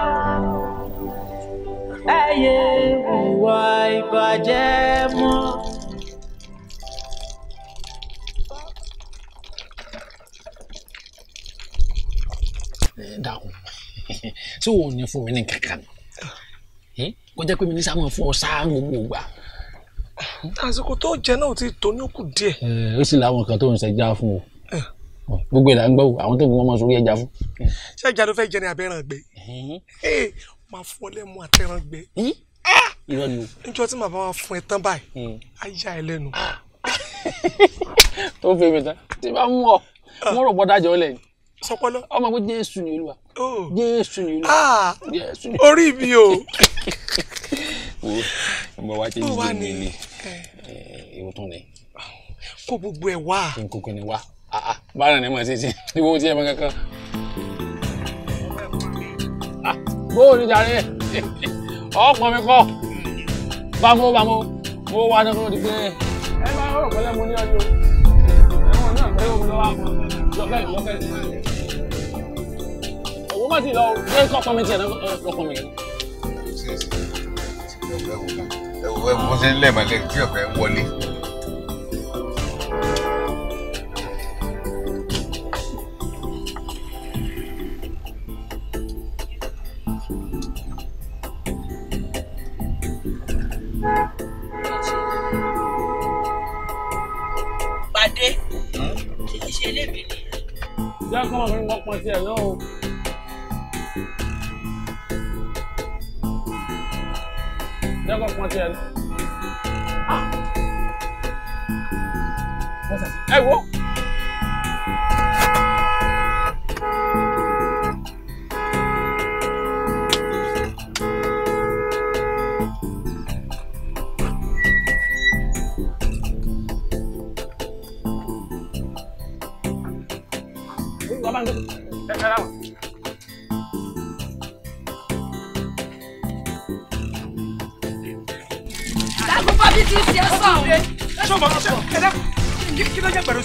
ẹ yé hùwà ìbàjẹ́ mọ́. dákun ṣé òun ní fún mi ní kankan kó jẹ́ pé mi ní sáà máa fún ọ sáà gbogbo ìgbà. àsìkò tó jẹ náà ti tó ní òkú díẹ̀. ó sì láwọn kan tó ń ṣẹjá fún o gbogbo ìlà ń gbọ́ wò àwọn tó gun ọmọ sórí ẹja fún. ṣé ìjà ló fẹ́ jẹ ní abẹ́ràn gbẹ. máa fún ọ lẹ́mu àtẹ̀ràn gbẹ. Ah! irọ́ ni o. níjọ́ tí màbá wa fún ẹ tán báyìí á yà ẹ lẹ́nu. Ah! tó fẹ́ mi tán tí bá mú ọ wọ́n ah. rò bọ́dájọ́ ọ lẹ́yìn. sọpọlọ. ọmọ pé jésù ni olúwa. Oh. jésù ni olúwa. orí mi o. mo wá change the name ni eh. eh, ìwòtún ni. kó gbogbo ẹ wá. kí n kókó ni wá. Ah, bára ni mo ṣe ṣe ní wo tí ẹ Ah, kankan. bóò ní jàre ọ̀pọ̀ mi kọ́ bámú bámú mo wá ní kó di pé ẹ bá rò pẹ́lẹ́ mo ní ọdún ẹ̀wọ̀n náà pé omi lọ́wọ́ àpò lọ́kẹ́ lọ́kẹ́ òun bá ti lọ ṣé kọ́kọ́ mi tiẹ̀ lọ́kọ́ mi. ẹ wo ẹ wo bó ṣe ń lẹ̀ mọ́lẹ̀ tí ọ̀pẹ ń wọlé. pàdé kì í ṣe lébi ni. ìyá kan wà fún ọpọ tiẹ̀ náà o. ìyá kan pọn tiẹ̀. Ah! ẹ wo.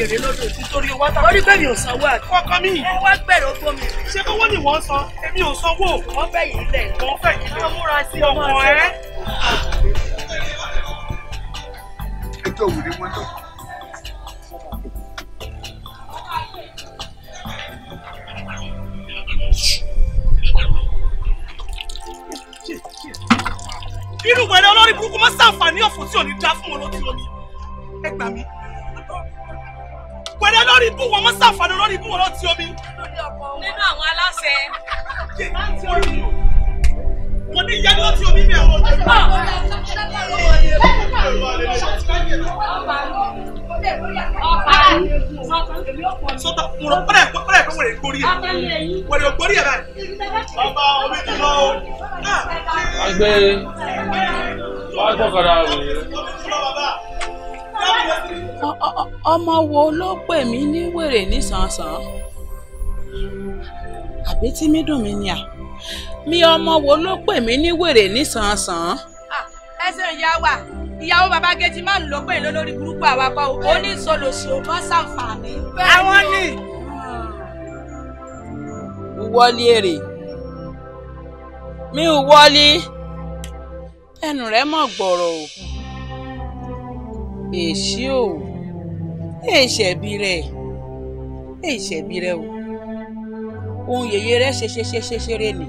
ààyè lọ́dọ̀ òkú owó àtàwọn. orí bẹ́ẹ̀ mi ò sanwó àti. kọ́kọ́ mi. ẹ wá gbẹ̀rẹ̀ owó mi. ṣé owó ni wọ́n san èmi ò sanwó. wọ́n fẹ́ lẹ̀. wọ́n fẹ́ lẹ̀. wọ́n múra sí ọmọ rẹ. gbórí ẹ̀ wẹ̀rẹ̀ gbórí ẹ̀ báyìí bàbá omi ti lọ o. wọ́n gbé wọ́n gbọ́kànlá rẹ̀. ọmọ wo ló pè mí ní wèrè nísànsán àbí tí mi dùn mí ni à mi ọmọ wo ló pè mí ní wèrè nísànsán. ẹ ṣe ìyá wa ìyàwó babagẹ́jì máa ń lò pé lólórí burúkú àwakọ̀ oníṣòlòṣò mọ́sàǹfààní. àwọn ni wọlé èrè mi ò wọlé ẹnu rẹ mọ gbọrọ o èsì o èsẹbi rẹ èsẹbi rẹ o ohun yèyé rẹ ṣe ṣe ṣe ṣe ṣeré ni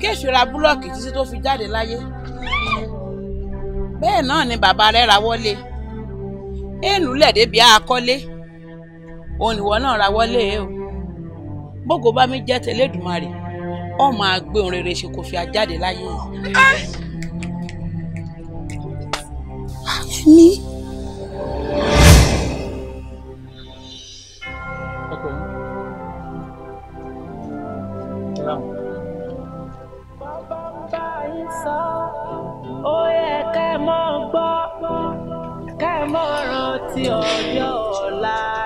kéṣù ra búlọ́ọ̀kì títí tó fi jáde láyé bẹ́ẹ̀ náà ni bàbá rẹ ra wọlé èèlú lẹ̀ débi àkọ́lé òun ìwọ náà ra wọlé e o bógo bá mi jẹ́ tẹlẹ́dùmarè ó máa gbé ohun rere ṣe kò fi àjáde láyé yìí. mi. bàbá ọjọ́ ọ̀la.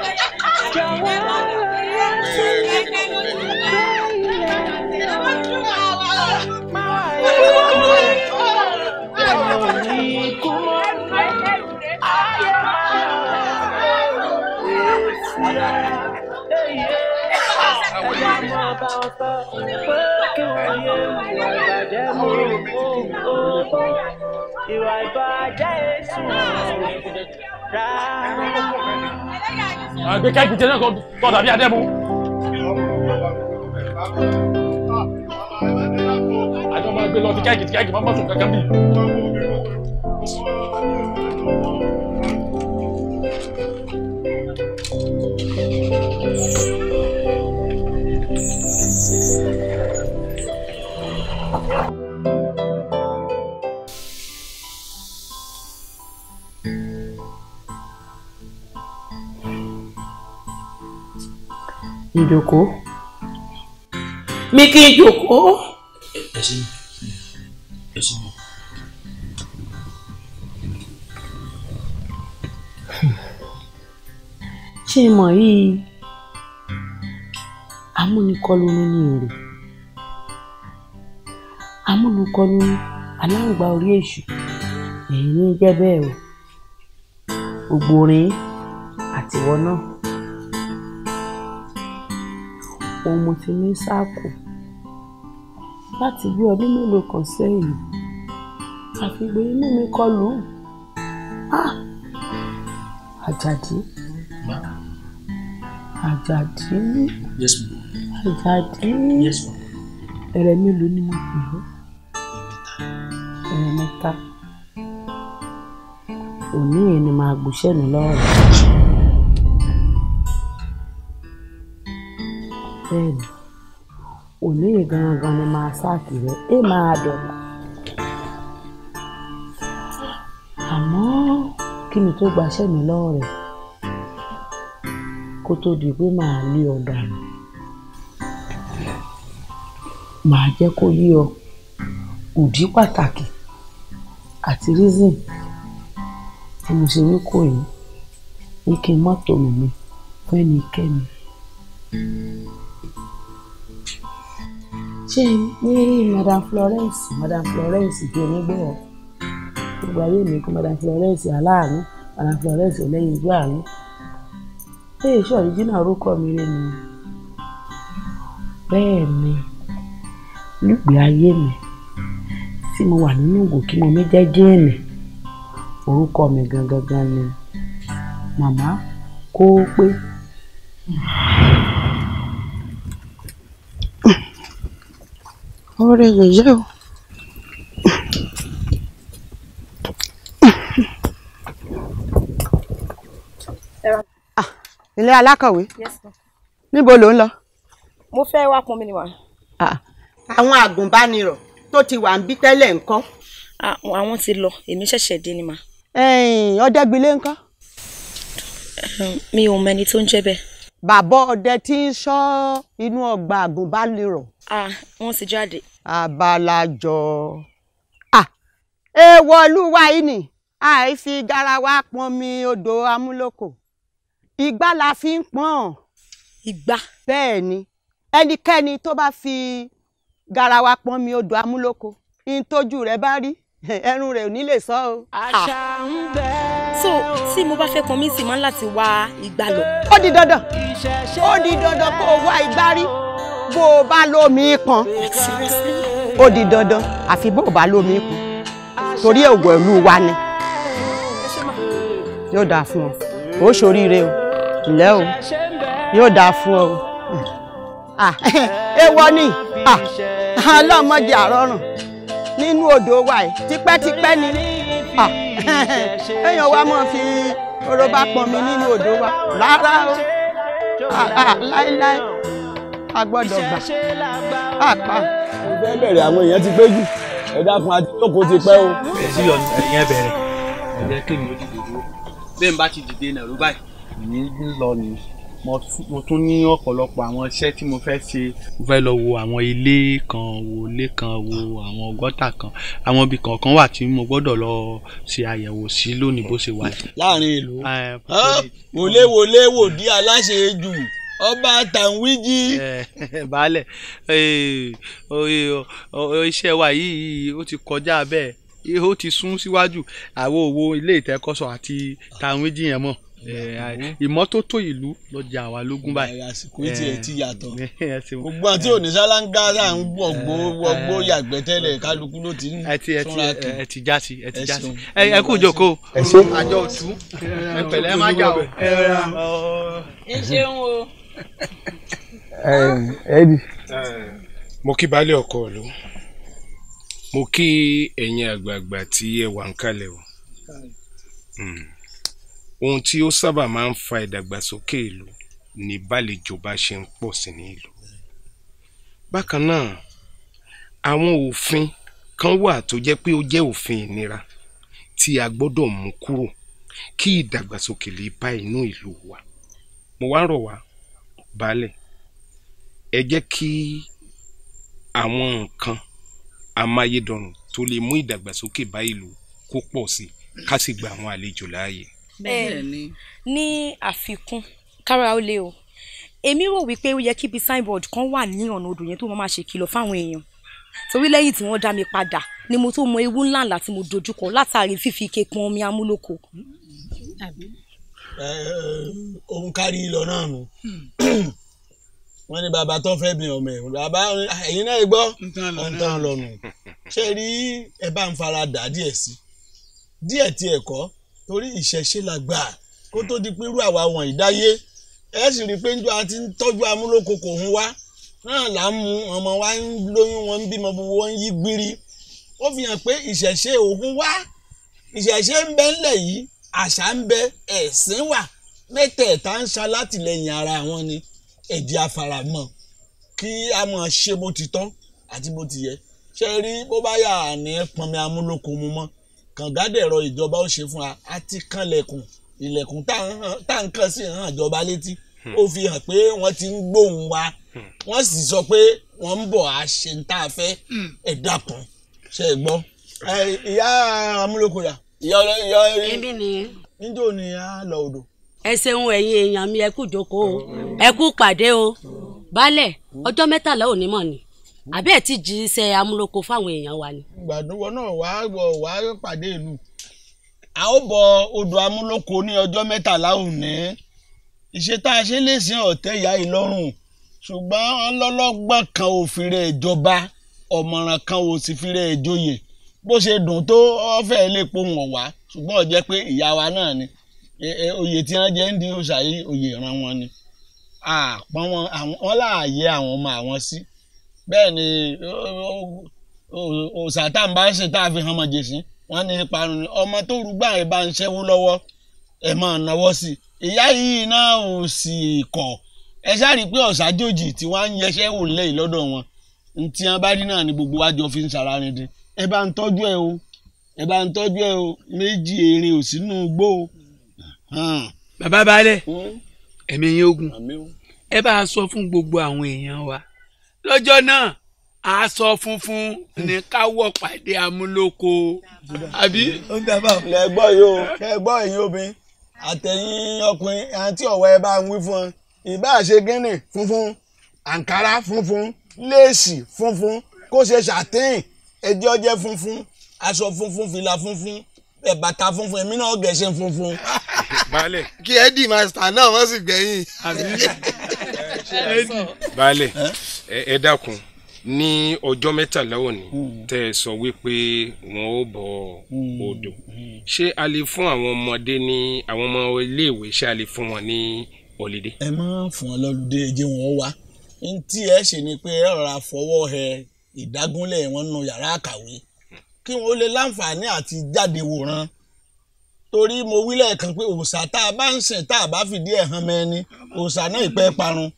Go on. ìwà ìbàjẹ́ èso rà. àgbẹ̀ kẹ́kì jẹ́ náà kọ́ tàbí adẹ́mu. àjọ máa gbé lọ sí kẹ́kì kẹ́kì máa ń bọ̀ sùn kankan bí. jókòó mi kí n jókòó. ẹ ṣe mọ ẹ ṣe mọ. ṣé mọ̀ yìí amúnikọ́lu nínú èrè amúnikọ́lu aláǹgbá orí èṣù èyí ń jẹ́ bẹ́ẹ̀ o ògbórin àtiwọ́ náà. ọ̀pọ̀ mo ti ní sáàkù láti bí ọdún mélòó kan sẹ́yìn àfìgbé inú mi kọlù ah! àjàdí àjàdí àjàdí ẹ̀rẹ̀ mélòó ni mo pè é ẹ̀rẹ̀ mẹ́ta òní yìí ni màá gbùṣẹ́ mi lọ́rùn. bẹ́ẹ̀ ni òní yìí gangan ni màá sáàkì rẹ é máa dọ̀la àmọ́ kí ni tó gbaṣẹ́ mi lọ́wọ́ rẹ̀ kó tó di pé màá lé ọ dànù màá jẹ́ kó yé ọ òdí pàtàkì àti reason tí mo ṣe wí kò yìí ní kí n má tòrò mi fẹ́nikẹ́ni ṣé ní madam Florence madam Florence di onígbọ̀wọ́ gbogbo ayé mi kún madam Florence aláàánú madam Florence lẹ́yìn ìgbà àánú ṣé iṣẹ́ ọ̀ríjínà orúkọ mi rẹ ni bẹ́ẹ̀ ni lùgbé ayé mi tí mo wà nínú gòkè mo mi jẹ́ jẹ́ẹ̀nì orúkọ mi gangan gan ni màmá kó pé. Mm-hmm. What oore yèyé o ilé alákọ̀wé níbo ló ń lọ. mo fẹ́ wá pọnmi ni wà. Ah, àwọn àgùnbánirọ̀ tó ti wà ń bí tẹ́lẹ̀ ńkọ́. àwọn ti lọ èmi ṣẹ̀ṣẹ̀ dé ni mà. ọ̀dẹ́gbilé ńkọ́. mi ò mẹni tó ń jẹ́ bẹ́ẹ̀. bàbá ọdẹ tí ń ṣọ́ inú ọgbà àgùnbánirọ̀. Ah, wọ́n ti jáde abalajọ. èèwọ̀ olúwa yìí ni àìfi garawa pọnmi odò amúlòkò ìgbà la fi ń pọ́n. ìgbà. bẹ́ẹ̀ ni ẹnikẹ́ni tó bá fi garawa pọnmi odò amúlòkò ní tójú rẹ̀ bá rí ẹnu rẹ̀ ò ní lè sọ o. àṣà ń bẹ. so tí mo bá fẹ́ pọnmi sì máa ń láti wá ìgbà lọ. ó di dandan ó di dandan kó o wá ìgbà rí bó o bá lómi pọn ó di dandan àfi bó o bá lómi pọn torí ògùn ìlú wa ni yóò dáa fún ọ ó ṣoríire o ǹlẹ́ o yóò dáa fún ọ ewọ ni ọlọ́mọdé àrọ́rùn nínú odò wa yìí tipẹ́tipẹ́ ni èèyàn wa máa fi orobá pọnmi nínú odò wa rárá o láéláé a gbọ́dọ̀ gbà àpá. mo fẹ́ bẹ̀rẹ̀ àwọn èèyàn ti pé ẹ dákun àti ti pẹ́ o. ẹ yọ ẹyẹn bẹ̀rẹ̀ ẹ jẹ́ kí mi ó dìde dúró bẹ́ẹ̀ bá ti dìde nàró báyìí mi ń lọ ni mo tún ní ọ̀pọ̀lọpọ̀ àwọn iṣẹ́ tí mo fẹ́ ṣe. mo fẹ́ lọ wo àwọn ilé kan wo ilé kan wo àwọn gọ́tà kan àwọn ibì kọ̀ọ̀kan wà tí mo gbọ́dọ̀ lọ ṣe àyẹ̀wò sí lónìí bó ṣe wà. láàrin ìlú eh, ah, wọléwọlé wòdí aláṣẹ jù ọba tàǹwíjì. Eh, baálẹ̀ eh, iṣẹ́ wa yìí ó ti kọjá bẹ́ẹ̀ ó ti sún síwájú àwọn òwò ilé ìtẹ́kọ̀sọ àti tàǹwíjì yẹn mọ̀ eh, ìmọ́tótó ìlú lọ́jà àwa lógún báyìí. àsìkò tí ẹ ti yàtọ̀ gbogbo àti òní sálángá là ń wọ̀gbọ́ wọ̀gbọ́ yàgbẹ́ tẹ́lẹ̀ kálukú ló ti ń túnra kì. ẹ ti já sí ẹ ti já sí ẹ kú jòkó àjọ òtún ẹ pẹ̀lẹ́ má jà o. ẹ ṣeun o ẹ̀ẹ́dì. mo kí baálé ọkọ ìlú mo kí ẹ̀yin àgbààgbà tí ẹ wà ń kalẹ̀ o hmm. ohun tí ó sábà máa ń fa ìdàgbàsókè ìlú ni bálejò bá ṣe ń pọ̀ sí ní ìlú bákan náà àwọn òfin kan wà tó jẹ́ pé ó jẹ́ òfin ìnira tí a gbọ́dọ̀ mú kúrò kí ìdàgbàsókè lè bá inú ìlú wa mo wá rọ̀ wá baálẹ̀ ẹ jẹ́ kí àwọn nǹkan amáyédọrùn tó lè mú ìdàgbàsókè bá ìlú kó pọ̀ sí ká sì gba àwọn àlejò láàyè. bẹ́ẹ̀ni ní àfikún kára ó lé o èmi rò wípé ó yẹ kí ibi signboard kan wà ní ọ̀nà odò yẹn tó máa ṣe kìlọ̀ fáwọn èèyàn torí lẹ́yìn tí wọ́n dá mi padà ni mo tó mọ ewu ńláńlá tí mo dojúkọ látàrí fífi ike pọn omi amúlòkọ ohun eh, kárí lọ náà nù wọ́n ní bàbá tó fẹ́ bí ọmọ ẹ̀ bàbá ẹ̀yin náà gbọ́ ọ̀ǹtàn lọ́nù ṣé rí ẹ bá ń fara dà díẹ̀ sí díẹ̀ tí ẹ̀ kọ́ torí ìṣẹ̀ṣe la gbà kó tó di pé irú àwa wọ̀nyí dáyé ẹ sì rí i pé njọ àti tọ́jú amúlòkòkò ń wá náà là ń mu ọmọ wa ń lóyún wọn ń bímọ gbogbo wọn ń yí gbiri ó fi hàn pé ìṣẹ̀ṣe òògùn wá ìṣẹ̀ṣe ń bẹ yìí àṣà ń bẹ ẹ̀sìn wà mẹ́tẹ̀ẹ̀ta ń ṣa látìlẹ́yìn ara wọn ni ẹ̀dí afaramọ́ kí a máa ṣe bó ti tọ́ àti bó ti yẹ ṣe rí bó bá yà ní pọnmi amúlòkó mu mọ́ kàngádẹ̀rọ ìjọba ó ṣe fún wa á ti kànlẹ̀kùn ilẹ̀kùn tá à ń kàn sí hàn ìjọba létí hmm. ó fi hàn pé wọ́n ti ń gbóhùn wa hmm. wọ́n sì sọ pé wọ́n ń bọ̀ á ṣe ń tá a fẹ́ hmm. ẹ̀dá kan ṣe é gbọ́ ìyá amúlòkó yà ìyá ọlọ ìyá ọlọ. èmi ni. níjó ni a lọ odò. ẹ ṣeun ẹ̀yin èèyàn mi ẹ kú jókòó ẹ kú pàdé o baálẹ̀ ọjọ́ mẹ́tàlá òní mọ̀ ni àbẹ́ẹ̀ ti jí iṣẹ́ amúlòkó fáwọn èèyàn wa ni. gbàdúgbò náà wàá wọ wàá pàdé ìlú a ó bọ odò amúlòkó ní ọjọ́ mẹ́tàlá òní ìṣe tá a ṣe lè sin ọ̀tẹ̀ ìyá yìí lọ́rùn ṣùgbọ́n ọlọ́lọ́gbọ́n kan ò fi rẹ̀ jọba ọ̀mọ̀ràn kan ò sì fi rẹ̀ joyè bó ṣe dùn tó ọ̀fẹ́ lè pohùn ọ̀wá ṣùgbọ́n ó jẹ́ pé ìyá wa náà ni oyè tí wọ́n jẹ́ ń di òòṣà yìí oyè ìran wọn ni àpọ́n wọn wọn láàyè àwọn ọmọ àwọn sí bẹ́ẹ̀ ni òòṣà ń bá ṣe tá a fi hàn mọ̀jẹ̀ sí wọ́n ní ìparun ni ọmọ tó rúgbà ẹ̀ bá ń ṣẹ́wó lọ́wọ́ ẹ̀ máa náwó sí ìyá yìí náà ò sì kọ̀ ẹ sáré pé ọ̀sàjòjì tí wọ́n ń yẹsẹ́ wò lẹ́yìn lọ́dọ̀ wọn ntí wọn bá rí náà ni gbogbo wájú fi ń sara ni dín ẹ bá ń tọ́jú ẹ o ẹ bá ń tọ́jú ẹ o méjì erin ò sínú igbó o. bàbá baálẹ̀ ẹ̀mí yín ogun ẹ bá a sọ fún gbogbo àwọn èèyàn wa lọ́jọ́ náà aṣọ funfun ní káwọ́ pàdé amúlòkó àbí. ó ń dábàá fún ẹ gbọ́ yìí o ẹ gbọ́ ẹ̀yin obìnrin àtẹ̀yìn ọkùnrin àti ọ̀wọ́ ẹ bá ń wí fún ọ ìbá ṣe gínì funfun àǹkárá funfun léèsì funfun kó ṣe ṣàtẹ̀yìn ẹjẹ ọjẹ funfun aṣọ funfun fìlà funfun ẹ bàtà funfun èmi náà gẹṣẹ funfun. baálẹ̀. kí ẹdì màsítà náà wọ́n sì gbẹ̀yìn. baálẹ̀ ẹ dákun ní ọjọ́ mẹ́tàlá òní hmm. tẹ́ ẹ sọ wípé wọ́n ó bọ hmm. odò hmm. ṣé a lè fún àwọn ọmọdé ní àwọn ọmọ iléèwé ṣé a lè fún wọn ní ọ̀lídé. ẹ máa ń fún wọn lọ́lùdé jẹ́ wọn wá ní ẹ ṣe ni pé ẹ rọra fọwọ́ ẹ ìdágúnlẹ̀ wọn nù yàrá àkàwé kí wọn ó lè láǹfààní àti jáde wòran torí mo wí lẹ́ẹ̀kan pé òòṣà tá a bá ń sìn tá a bá fìdí ẹ̀ hàn mẹ́ni náà ìpẹ́ parun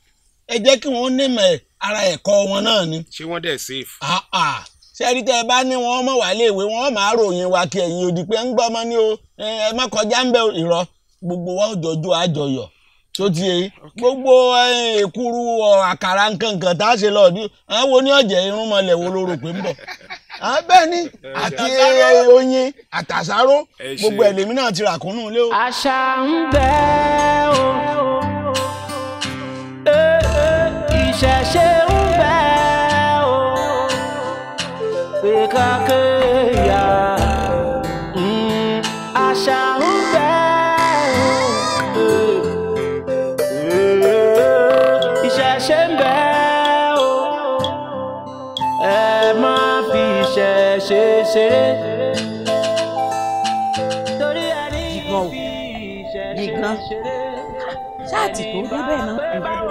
ẹ jẹ́ kí wọ́n nímọ̀ ara ẹ̀kọ́ wọn náà ni. ṣé wọ́n dẹ̀ safe. tẹ́ ẹ bá ní wọn mọ̀ wá wọn máa ròyìn wa kí ẹ̀yin òdì o ẹ má kọjá ń gbogbo tó ti yẹ gbogbo eh, èkúrú àkàrà nkankan tá a ṣe lọ àwọn oníọ̀jẹ̀ irun mọ̀lẹ̀ wo ló pé ń bọ̀ bẹ́ẹ̀ ni àti eh, oyin àtàsáró gbogbo ẹ̀lẹ́mí náà ti rà kúnnú ilé o. àṣà ń bẹ o eh, ìṣẹ̀ṣe ń bẹ o pé ká. ṣeré torí ẹni fi ìṣẹ̀ṣẹ̀ ṣeré ṣáàtì tó rí bẹ́ẹ̀ náà kù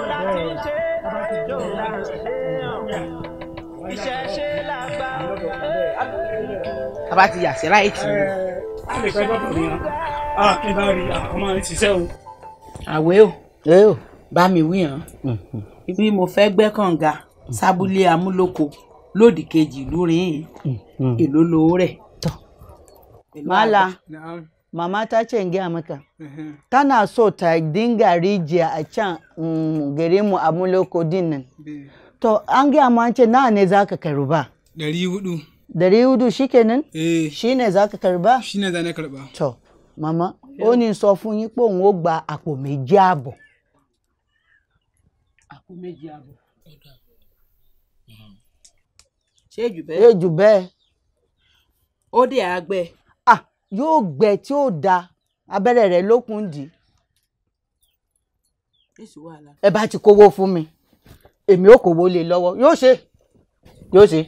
bàbá ti yàsẹ́ láìtì ni. àwẹ̀ o bá mi wí hàn hmm, hmm. bí mo fẹ́ gbẹ́ kànga sábúlé amúlòkọ lódì kejì ìlú rìn ìlú lówó rẹ̀. mala mama ta ce in gaya maka tana so ta dinga rijiya a can mm, garin mu a muloko din nan to an gaya ma ce na ne za ka karba dari hudu dari hudu shikenan eh shine za ka karba shine za na karba to mama ó ní sọ fún yín pé òun ó gba apo méjì abo apo méjì abo ṣé jù bẹ́ẹ̀. ṣé jù bẹ́ẹ̀. ó ah yóò gbẹ tí ó da abẹ́rẹ́ rẹ lókun dì ẹ bá ti kówó fún mi èmi ò kówó lé lọ́wọ́ yóò ṣe yóò ṣe.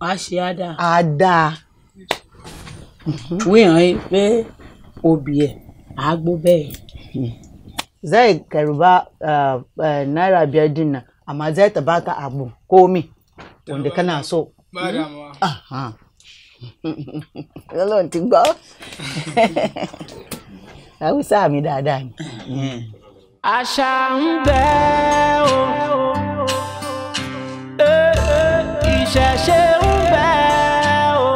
a ṣe á dáa. á dáa. wíhàn ẹ pé obì ẹ á gbó bẹ́ẹ̀. zayi kẹrù bá náírà wanda kana so lọ́lọ́run hmm? ti gbọ́ haúsá mi dáadáa ni. Hmm. àṣà ń bẹ o ìṣẹ̀ṣe ń bẹ o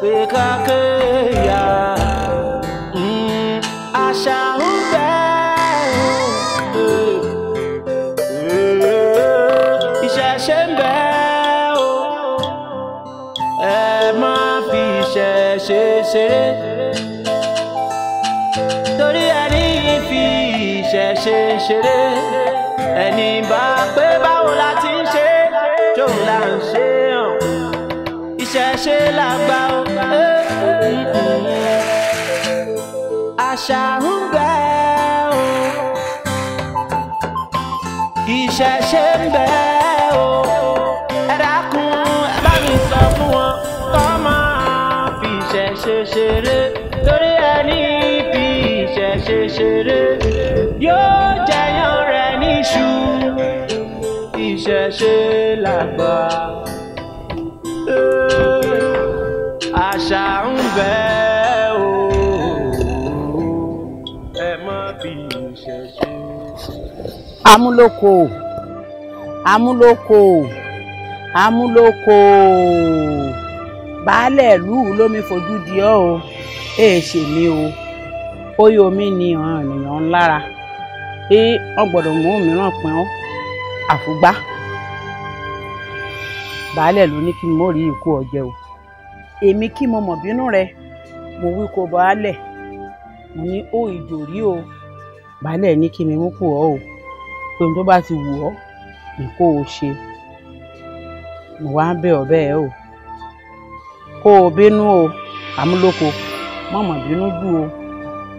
pé kákéré. ṣeré torí ẹni fi ìṣẹ̀ṣe ṣeré ẹni bá pé báwo la ti ń ṣe tó là ń ṣe hàn ìṣẹ̀ṣe là gbà ó àṣà ń bẹ o ìṣẹ̀ṣe ń bẹ. ṣeré yóò jẹyàn rẹ̀ níṣu ìṣẹ̀ṣe làgbà. àṣà ń bẹ o ẹ má fi ìṣẹ̀ṣe. amúlòkó amúlòkó amúlòkó baálẹ̀ ìlú ló mi fojú di ọ́ o èèṣe mi o bóyá omi ni ìran ènìyàn ń lára pé wọ́n gbọ́dọ̀ mú òmíràn pín ọ́ àfúgbá baálẹ̀ ló ní kí n mọ̀ rí ikú ọ̀jẹ̀ o èmi kí mo mọ̀ bínú rẹ mo wí kó baálẹ̀ mo ní ó ìjò rí o baálẹ̀ ní kí mi mú kù ọ́ o pé ohun tó bá ti wù ọ́ nǹkó o ṣe mo wá ń bẹ̀ ọ́ bẹ́ẹ̀ o kó o bínú o àmúlòkó mọ̀mọ̀ bínú jù o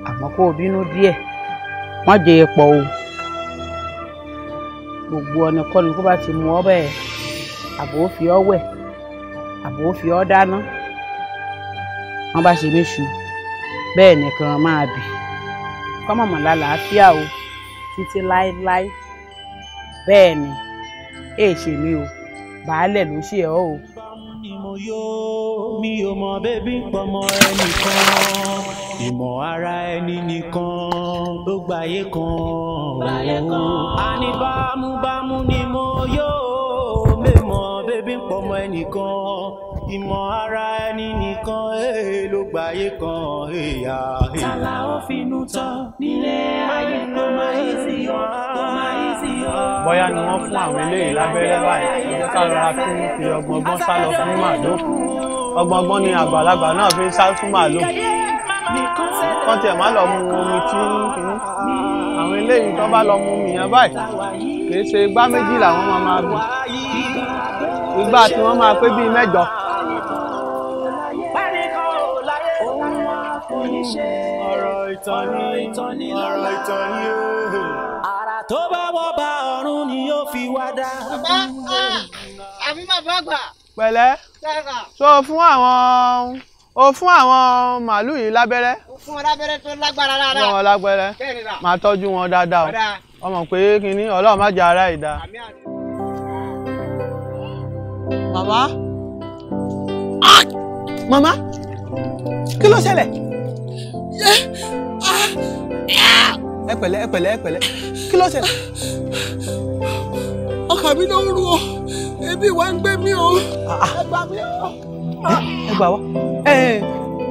àmọ́ kó o bínú díẹ̀ má jẹ epo o gbogbo ọ̀nà kọ́ni kó bá ti mú ọ bẹ́ẹ̀ àbò fi ọ wẹ̀ àbò fi ọ dáná wọ́n bá ṣe méṣù bẹ́ẹ̀ nìkan máa bì kọ́mọ̀mọ̀ lálàáfíà o títí láéláé bẹ́ẹ̀ ni èè ṣe mí o baálẹ̀ ló ṣe ọ́ o. mi ò mọ bébí pọ̀ ẹnìkan ìmọ̀ ara ẹni nìkan ló gbàyé kan àníbámúbámú ni mo yóò mẹ́mọ̀ bébí ń pọ̀mọ́ ẹnìkan ìmọ̀ ara ẹni nìkan eh, ló gbàyé kan ẹ̀yà. tàlà ó finú tọ nílé ayé ló máa yí sí ọ ló máa yí sí ọ. bóyá ni wọ́n fún àwọn eléyìí lábẹ́rẹ́ báyìí ọjọ́ ká lọ́ra fún fi ọgbọ̀ngbọ́n sá lọ fún màlúù ọgbọ̀ngbọ́n ni àgbàlagbà náà fi sá fún màlúù kán tiẹ̀ má lọ mu omi tí kìíní hmm, àwọn eléyìí tó bá lọ mu omi yẹn báyìí kìí ṣe igbá méjì làwọn máa máa bù igbá tí wọ́n máa pé bíi mẹ́jọ. ọ̀rọ̀ ìtàn ọ̀rọ̀ ìtàn o. ara tó bá wọ́ bá ọ̀run ni yóò fi wá dá. bàbá ah, àmì bàbá àgbà. pẹ̀lẹ́ sọ fún àwọn o fún àwọn màálù yìí lábẹ́rẹ́. o fún wọn lábẹ́rẹ́ tó lágbára rárá. fún wọn lábẹ́rẹ́. bẹ́ẹ̀ni rà. máa tọ́jú wọn dáadáa o. ọmọ pé kínní ọlọ́run má jẹ ara ìdá. màmá ah! màmá kí ló ṣẹlẹ̀. Ah, ẹ pẹ̀lẹ́ ẹ pẹ̀lẹ́ ẹ pẹ̀lẹ́ kí ló ṣẹlẹ̀. ọkàn mi ló ń ru o ebi wa ń gbé mi o. Ah, ẹ gbà mí o ẹ gbà wá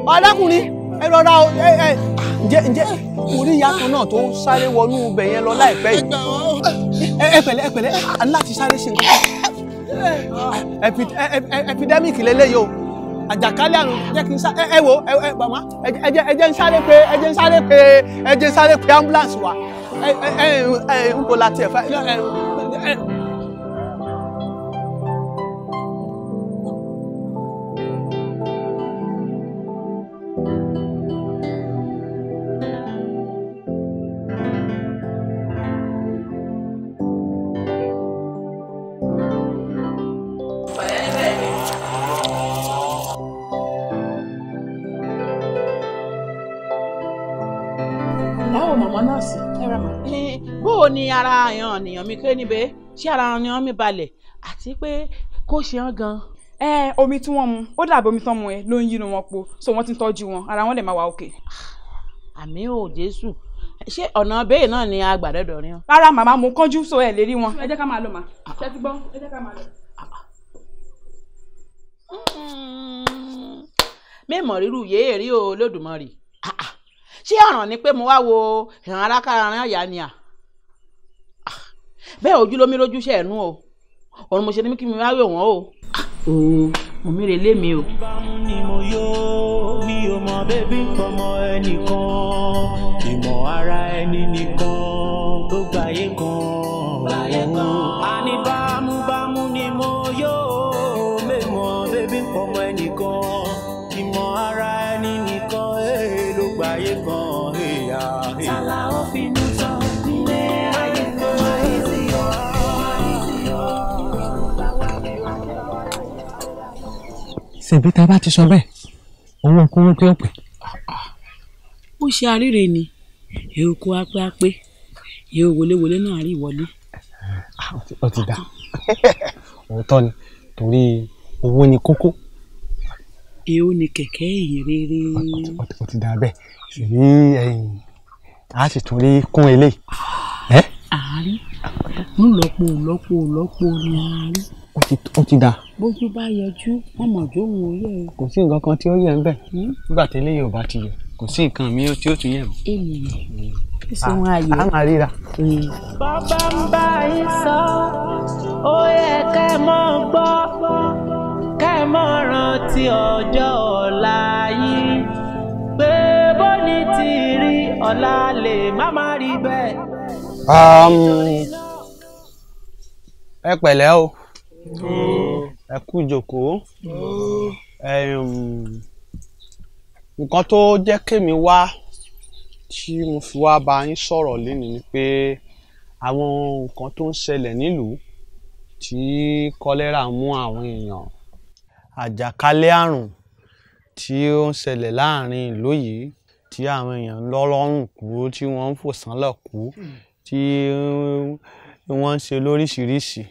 ọlákùnrin ẹ rọra ẹ ẹ ǹjẹ́ ǹjẹ́ orí ìyàtọ̀ náà tó sáré wọnú ibẹ̀ yẹn lọ láìpẹ́ yìí ẹ pẹ̀lẹ́ ẹ pẹ̀lẹ́ a ní láti sáré ṣe nǹkan epidemic lélẹ́yìí o àjàkálẹ̀ àrùn jẹ́ kí n sáré ẹ wo ẹ bàmá ẹ jẹ́ ẹ jẹ́ ń sáré pé ẹ jẹ́ ń sáré pé ẹ jẹ́ ń sáré pé ambulance wa ẹ ẹ ẹ ń bọ̀ láti ẹ̀ fà ẹ ẹ. ara àyàn ènìyàn mi kéré níbẹ̀ ṣé ara àyàn mi balẹ̀ àti pé kó ṣe hàn gan. ẹ omi tí wọ́n mu ó dàbí omi tán mu ẹ ló ń yínú wọn po so wọ́n ti ń tọ́jú wọn ara wọn lè máa wà òkè. àmì ò jésù ṣé ọ̀nà béè náà ni agbàdọ́dọ̀ rí rárá màmá mo kánjú so ẹ lè rí wọn. ẹ jẹ́ ká máa lọ mà ṣe ti gbọ́ ẹ jẹ́ ká máa lọ. mẹ́mọ̀ rírú yéé rí o lódùmarè ṣé ọ̀ràn ni pé mo wá wo ìran arákàrà ọ̀yà ni à bẹ́ẹ̀ ojú lómi lójú ṣe ẹ̀nu o ọ̀run mo ṣe ní kí mi máa wẹ̀ wọ́n o. o mo mi rè lé mi o. ìbámu ni mo yó mi ò mọ bébí ọmọ ẹnìkan ìmọ̀ ara ẹni nìkan. ṣèbí tá a bá ti sọ bẹ́ẹ̀ owó kúrú pé ọ̀pẹ. ó ṣe àríre ni èrò kó apé apé èrò wọléwọlé náà rí ìwọlé. ó ti dá òótọ́ ni torí owó ni kókó. èèó ni kẹ̀kẹ́ èyí ó ti dá bẹ́ẹ̀ ṣèbí a sì tún rí kún eléyìí. àárín ń lọ́pọ̀ lọ́pọ̀ ni àárín ó ti ó ti dà. bójú bá yẹjú ọmọ òjò òun ò yẹ. kò sí nǹkan kan tí ó yẹ ń bẹ hmm? nígbà tí eléyìí ò bá ti yẹ kò sí nǹkan mi tí ó tún yẹ ènìyàn kí sọ wọn ààyè. a máa ríra. bàbá ń bá yín sọ ó yẹ ká ẹ mọ gbọ́ ká ẹ mọ rántí ọjọ́ ọ̀la yìí pé bó ní ti rí ọ̀la lè má má rí bẹ́ẹ̀. Um, ẹ pẹ̀lẹ́ o ẹ kú ìjókòó nǹkan tó jẹ́ kémi wá tí mo fi wá bá yín sọ̀rọ̀ lénìí ni pé àwọn nǹkan tó ń ṣẹlẹ̀ nílùú tí kọ́lẹ́rà mú àwọn èèyàn àjàkálẹ̀ àrùn tí ó ń ṣẹlẹ̀ láàrin ìlú yìí tí àwọn èèyàn ń lọ lọ́rùn kú tí wọ́n ń fò sánlẹ̀ kú tí wọ́n ń ṣe lóríṣiríṣi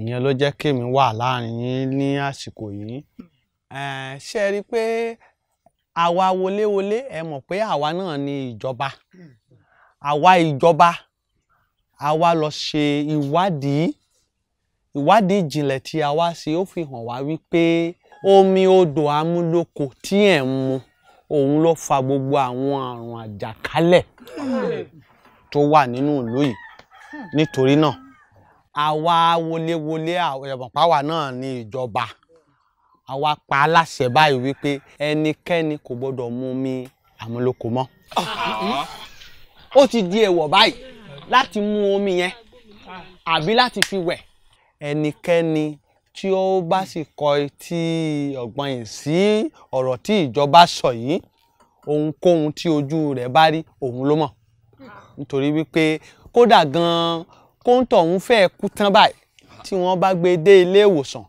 ìyẹn ló jẹ́ kémi wà láàrin yín ní àsìkò yìí ṣe rí i pé àwa wọléwọlé ẹ mọ̀ pé àwa náà ni ìjọba àwa ìjọba àwa lọ ṣe ìwádìí ìwádìí ìjìnlẹ̀ tí a wá ṣe ó fi hàn wá wípé omi odò amúlòkọ tí ẹ̀ ń mu òun ló fa gbogbo àwọn àrùn àjàkálẹ̀ tó wà nínú ìlú yìí nítorí náà àwa wọléwọlé àwọ̀páwà náà ní ìjọba àwa pa aláṣẹ báyìí wípé ẹnikẹ́ni kò gbọ́dọ̀ mú mi àmúlòkọ mọ́ ó ti di èèwọ̀ báyìí láti mú omi yẹn àbí láti fi wẹ̀ ẹnikẹ́ni tí ó bá sì kọ etí ọ̀gbọ́n yìí sí ọ̀rọ̀ tí ìjọba sọ yìí ohunkóhun tí ojú rẹ̀ bá rí òun ló mọ̀ nítorí wípé kódà gan kóńtọ̀ ń fẹ́ kú tán báyìí tí wọ́n bá gbé dé ilé ìwòsàn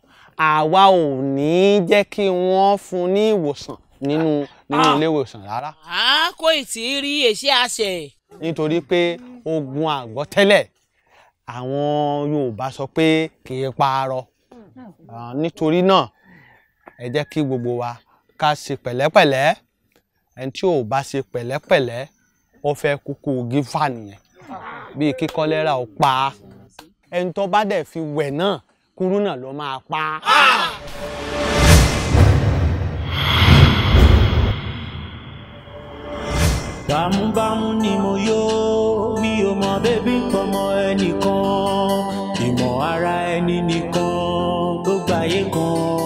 àwa ò ní jẹ́ kí wọ́n fún ní ìwòsàn nínú nínú ilé ìwòsàn rárá. a kò tí ì rí èsì àṣẹ. nítorí pé ogun àgbọ́tẹ́lẹ̀ àwọn Yorùbá sọ pé kì í parọ́ nítorí náà ẹ jẹ́ kí gbogbo wa ká ṣe pẹ̀lẹ́pẹ̀lẹ́ ẹni tí ò bá ṣe pẹ̀lẹ́pẹ̀lẹ́ ó fẹ́ kúkú gífà nìyẹn bíi kíkọ́ lẹ́ra ò pa ẹni tó bá dẹ̀ fi wẹ̀ náà kúrú náà ló máa pa. bámúbámú ni mo yó mi ò mọ bébí pọmọ ẹnìkan ìmọ̀ ara ẹni nìkan gbogbo ayé kan.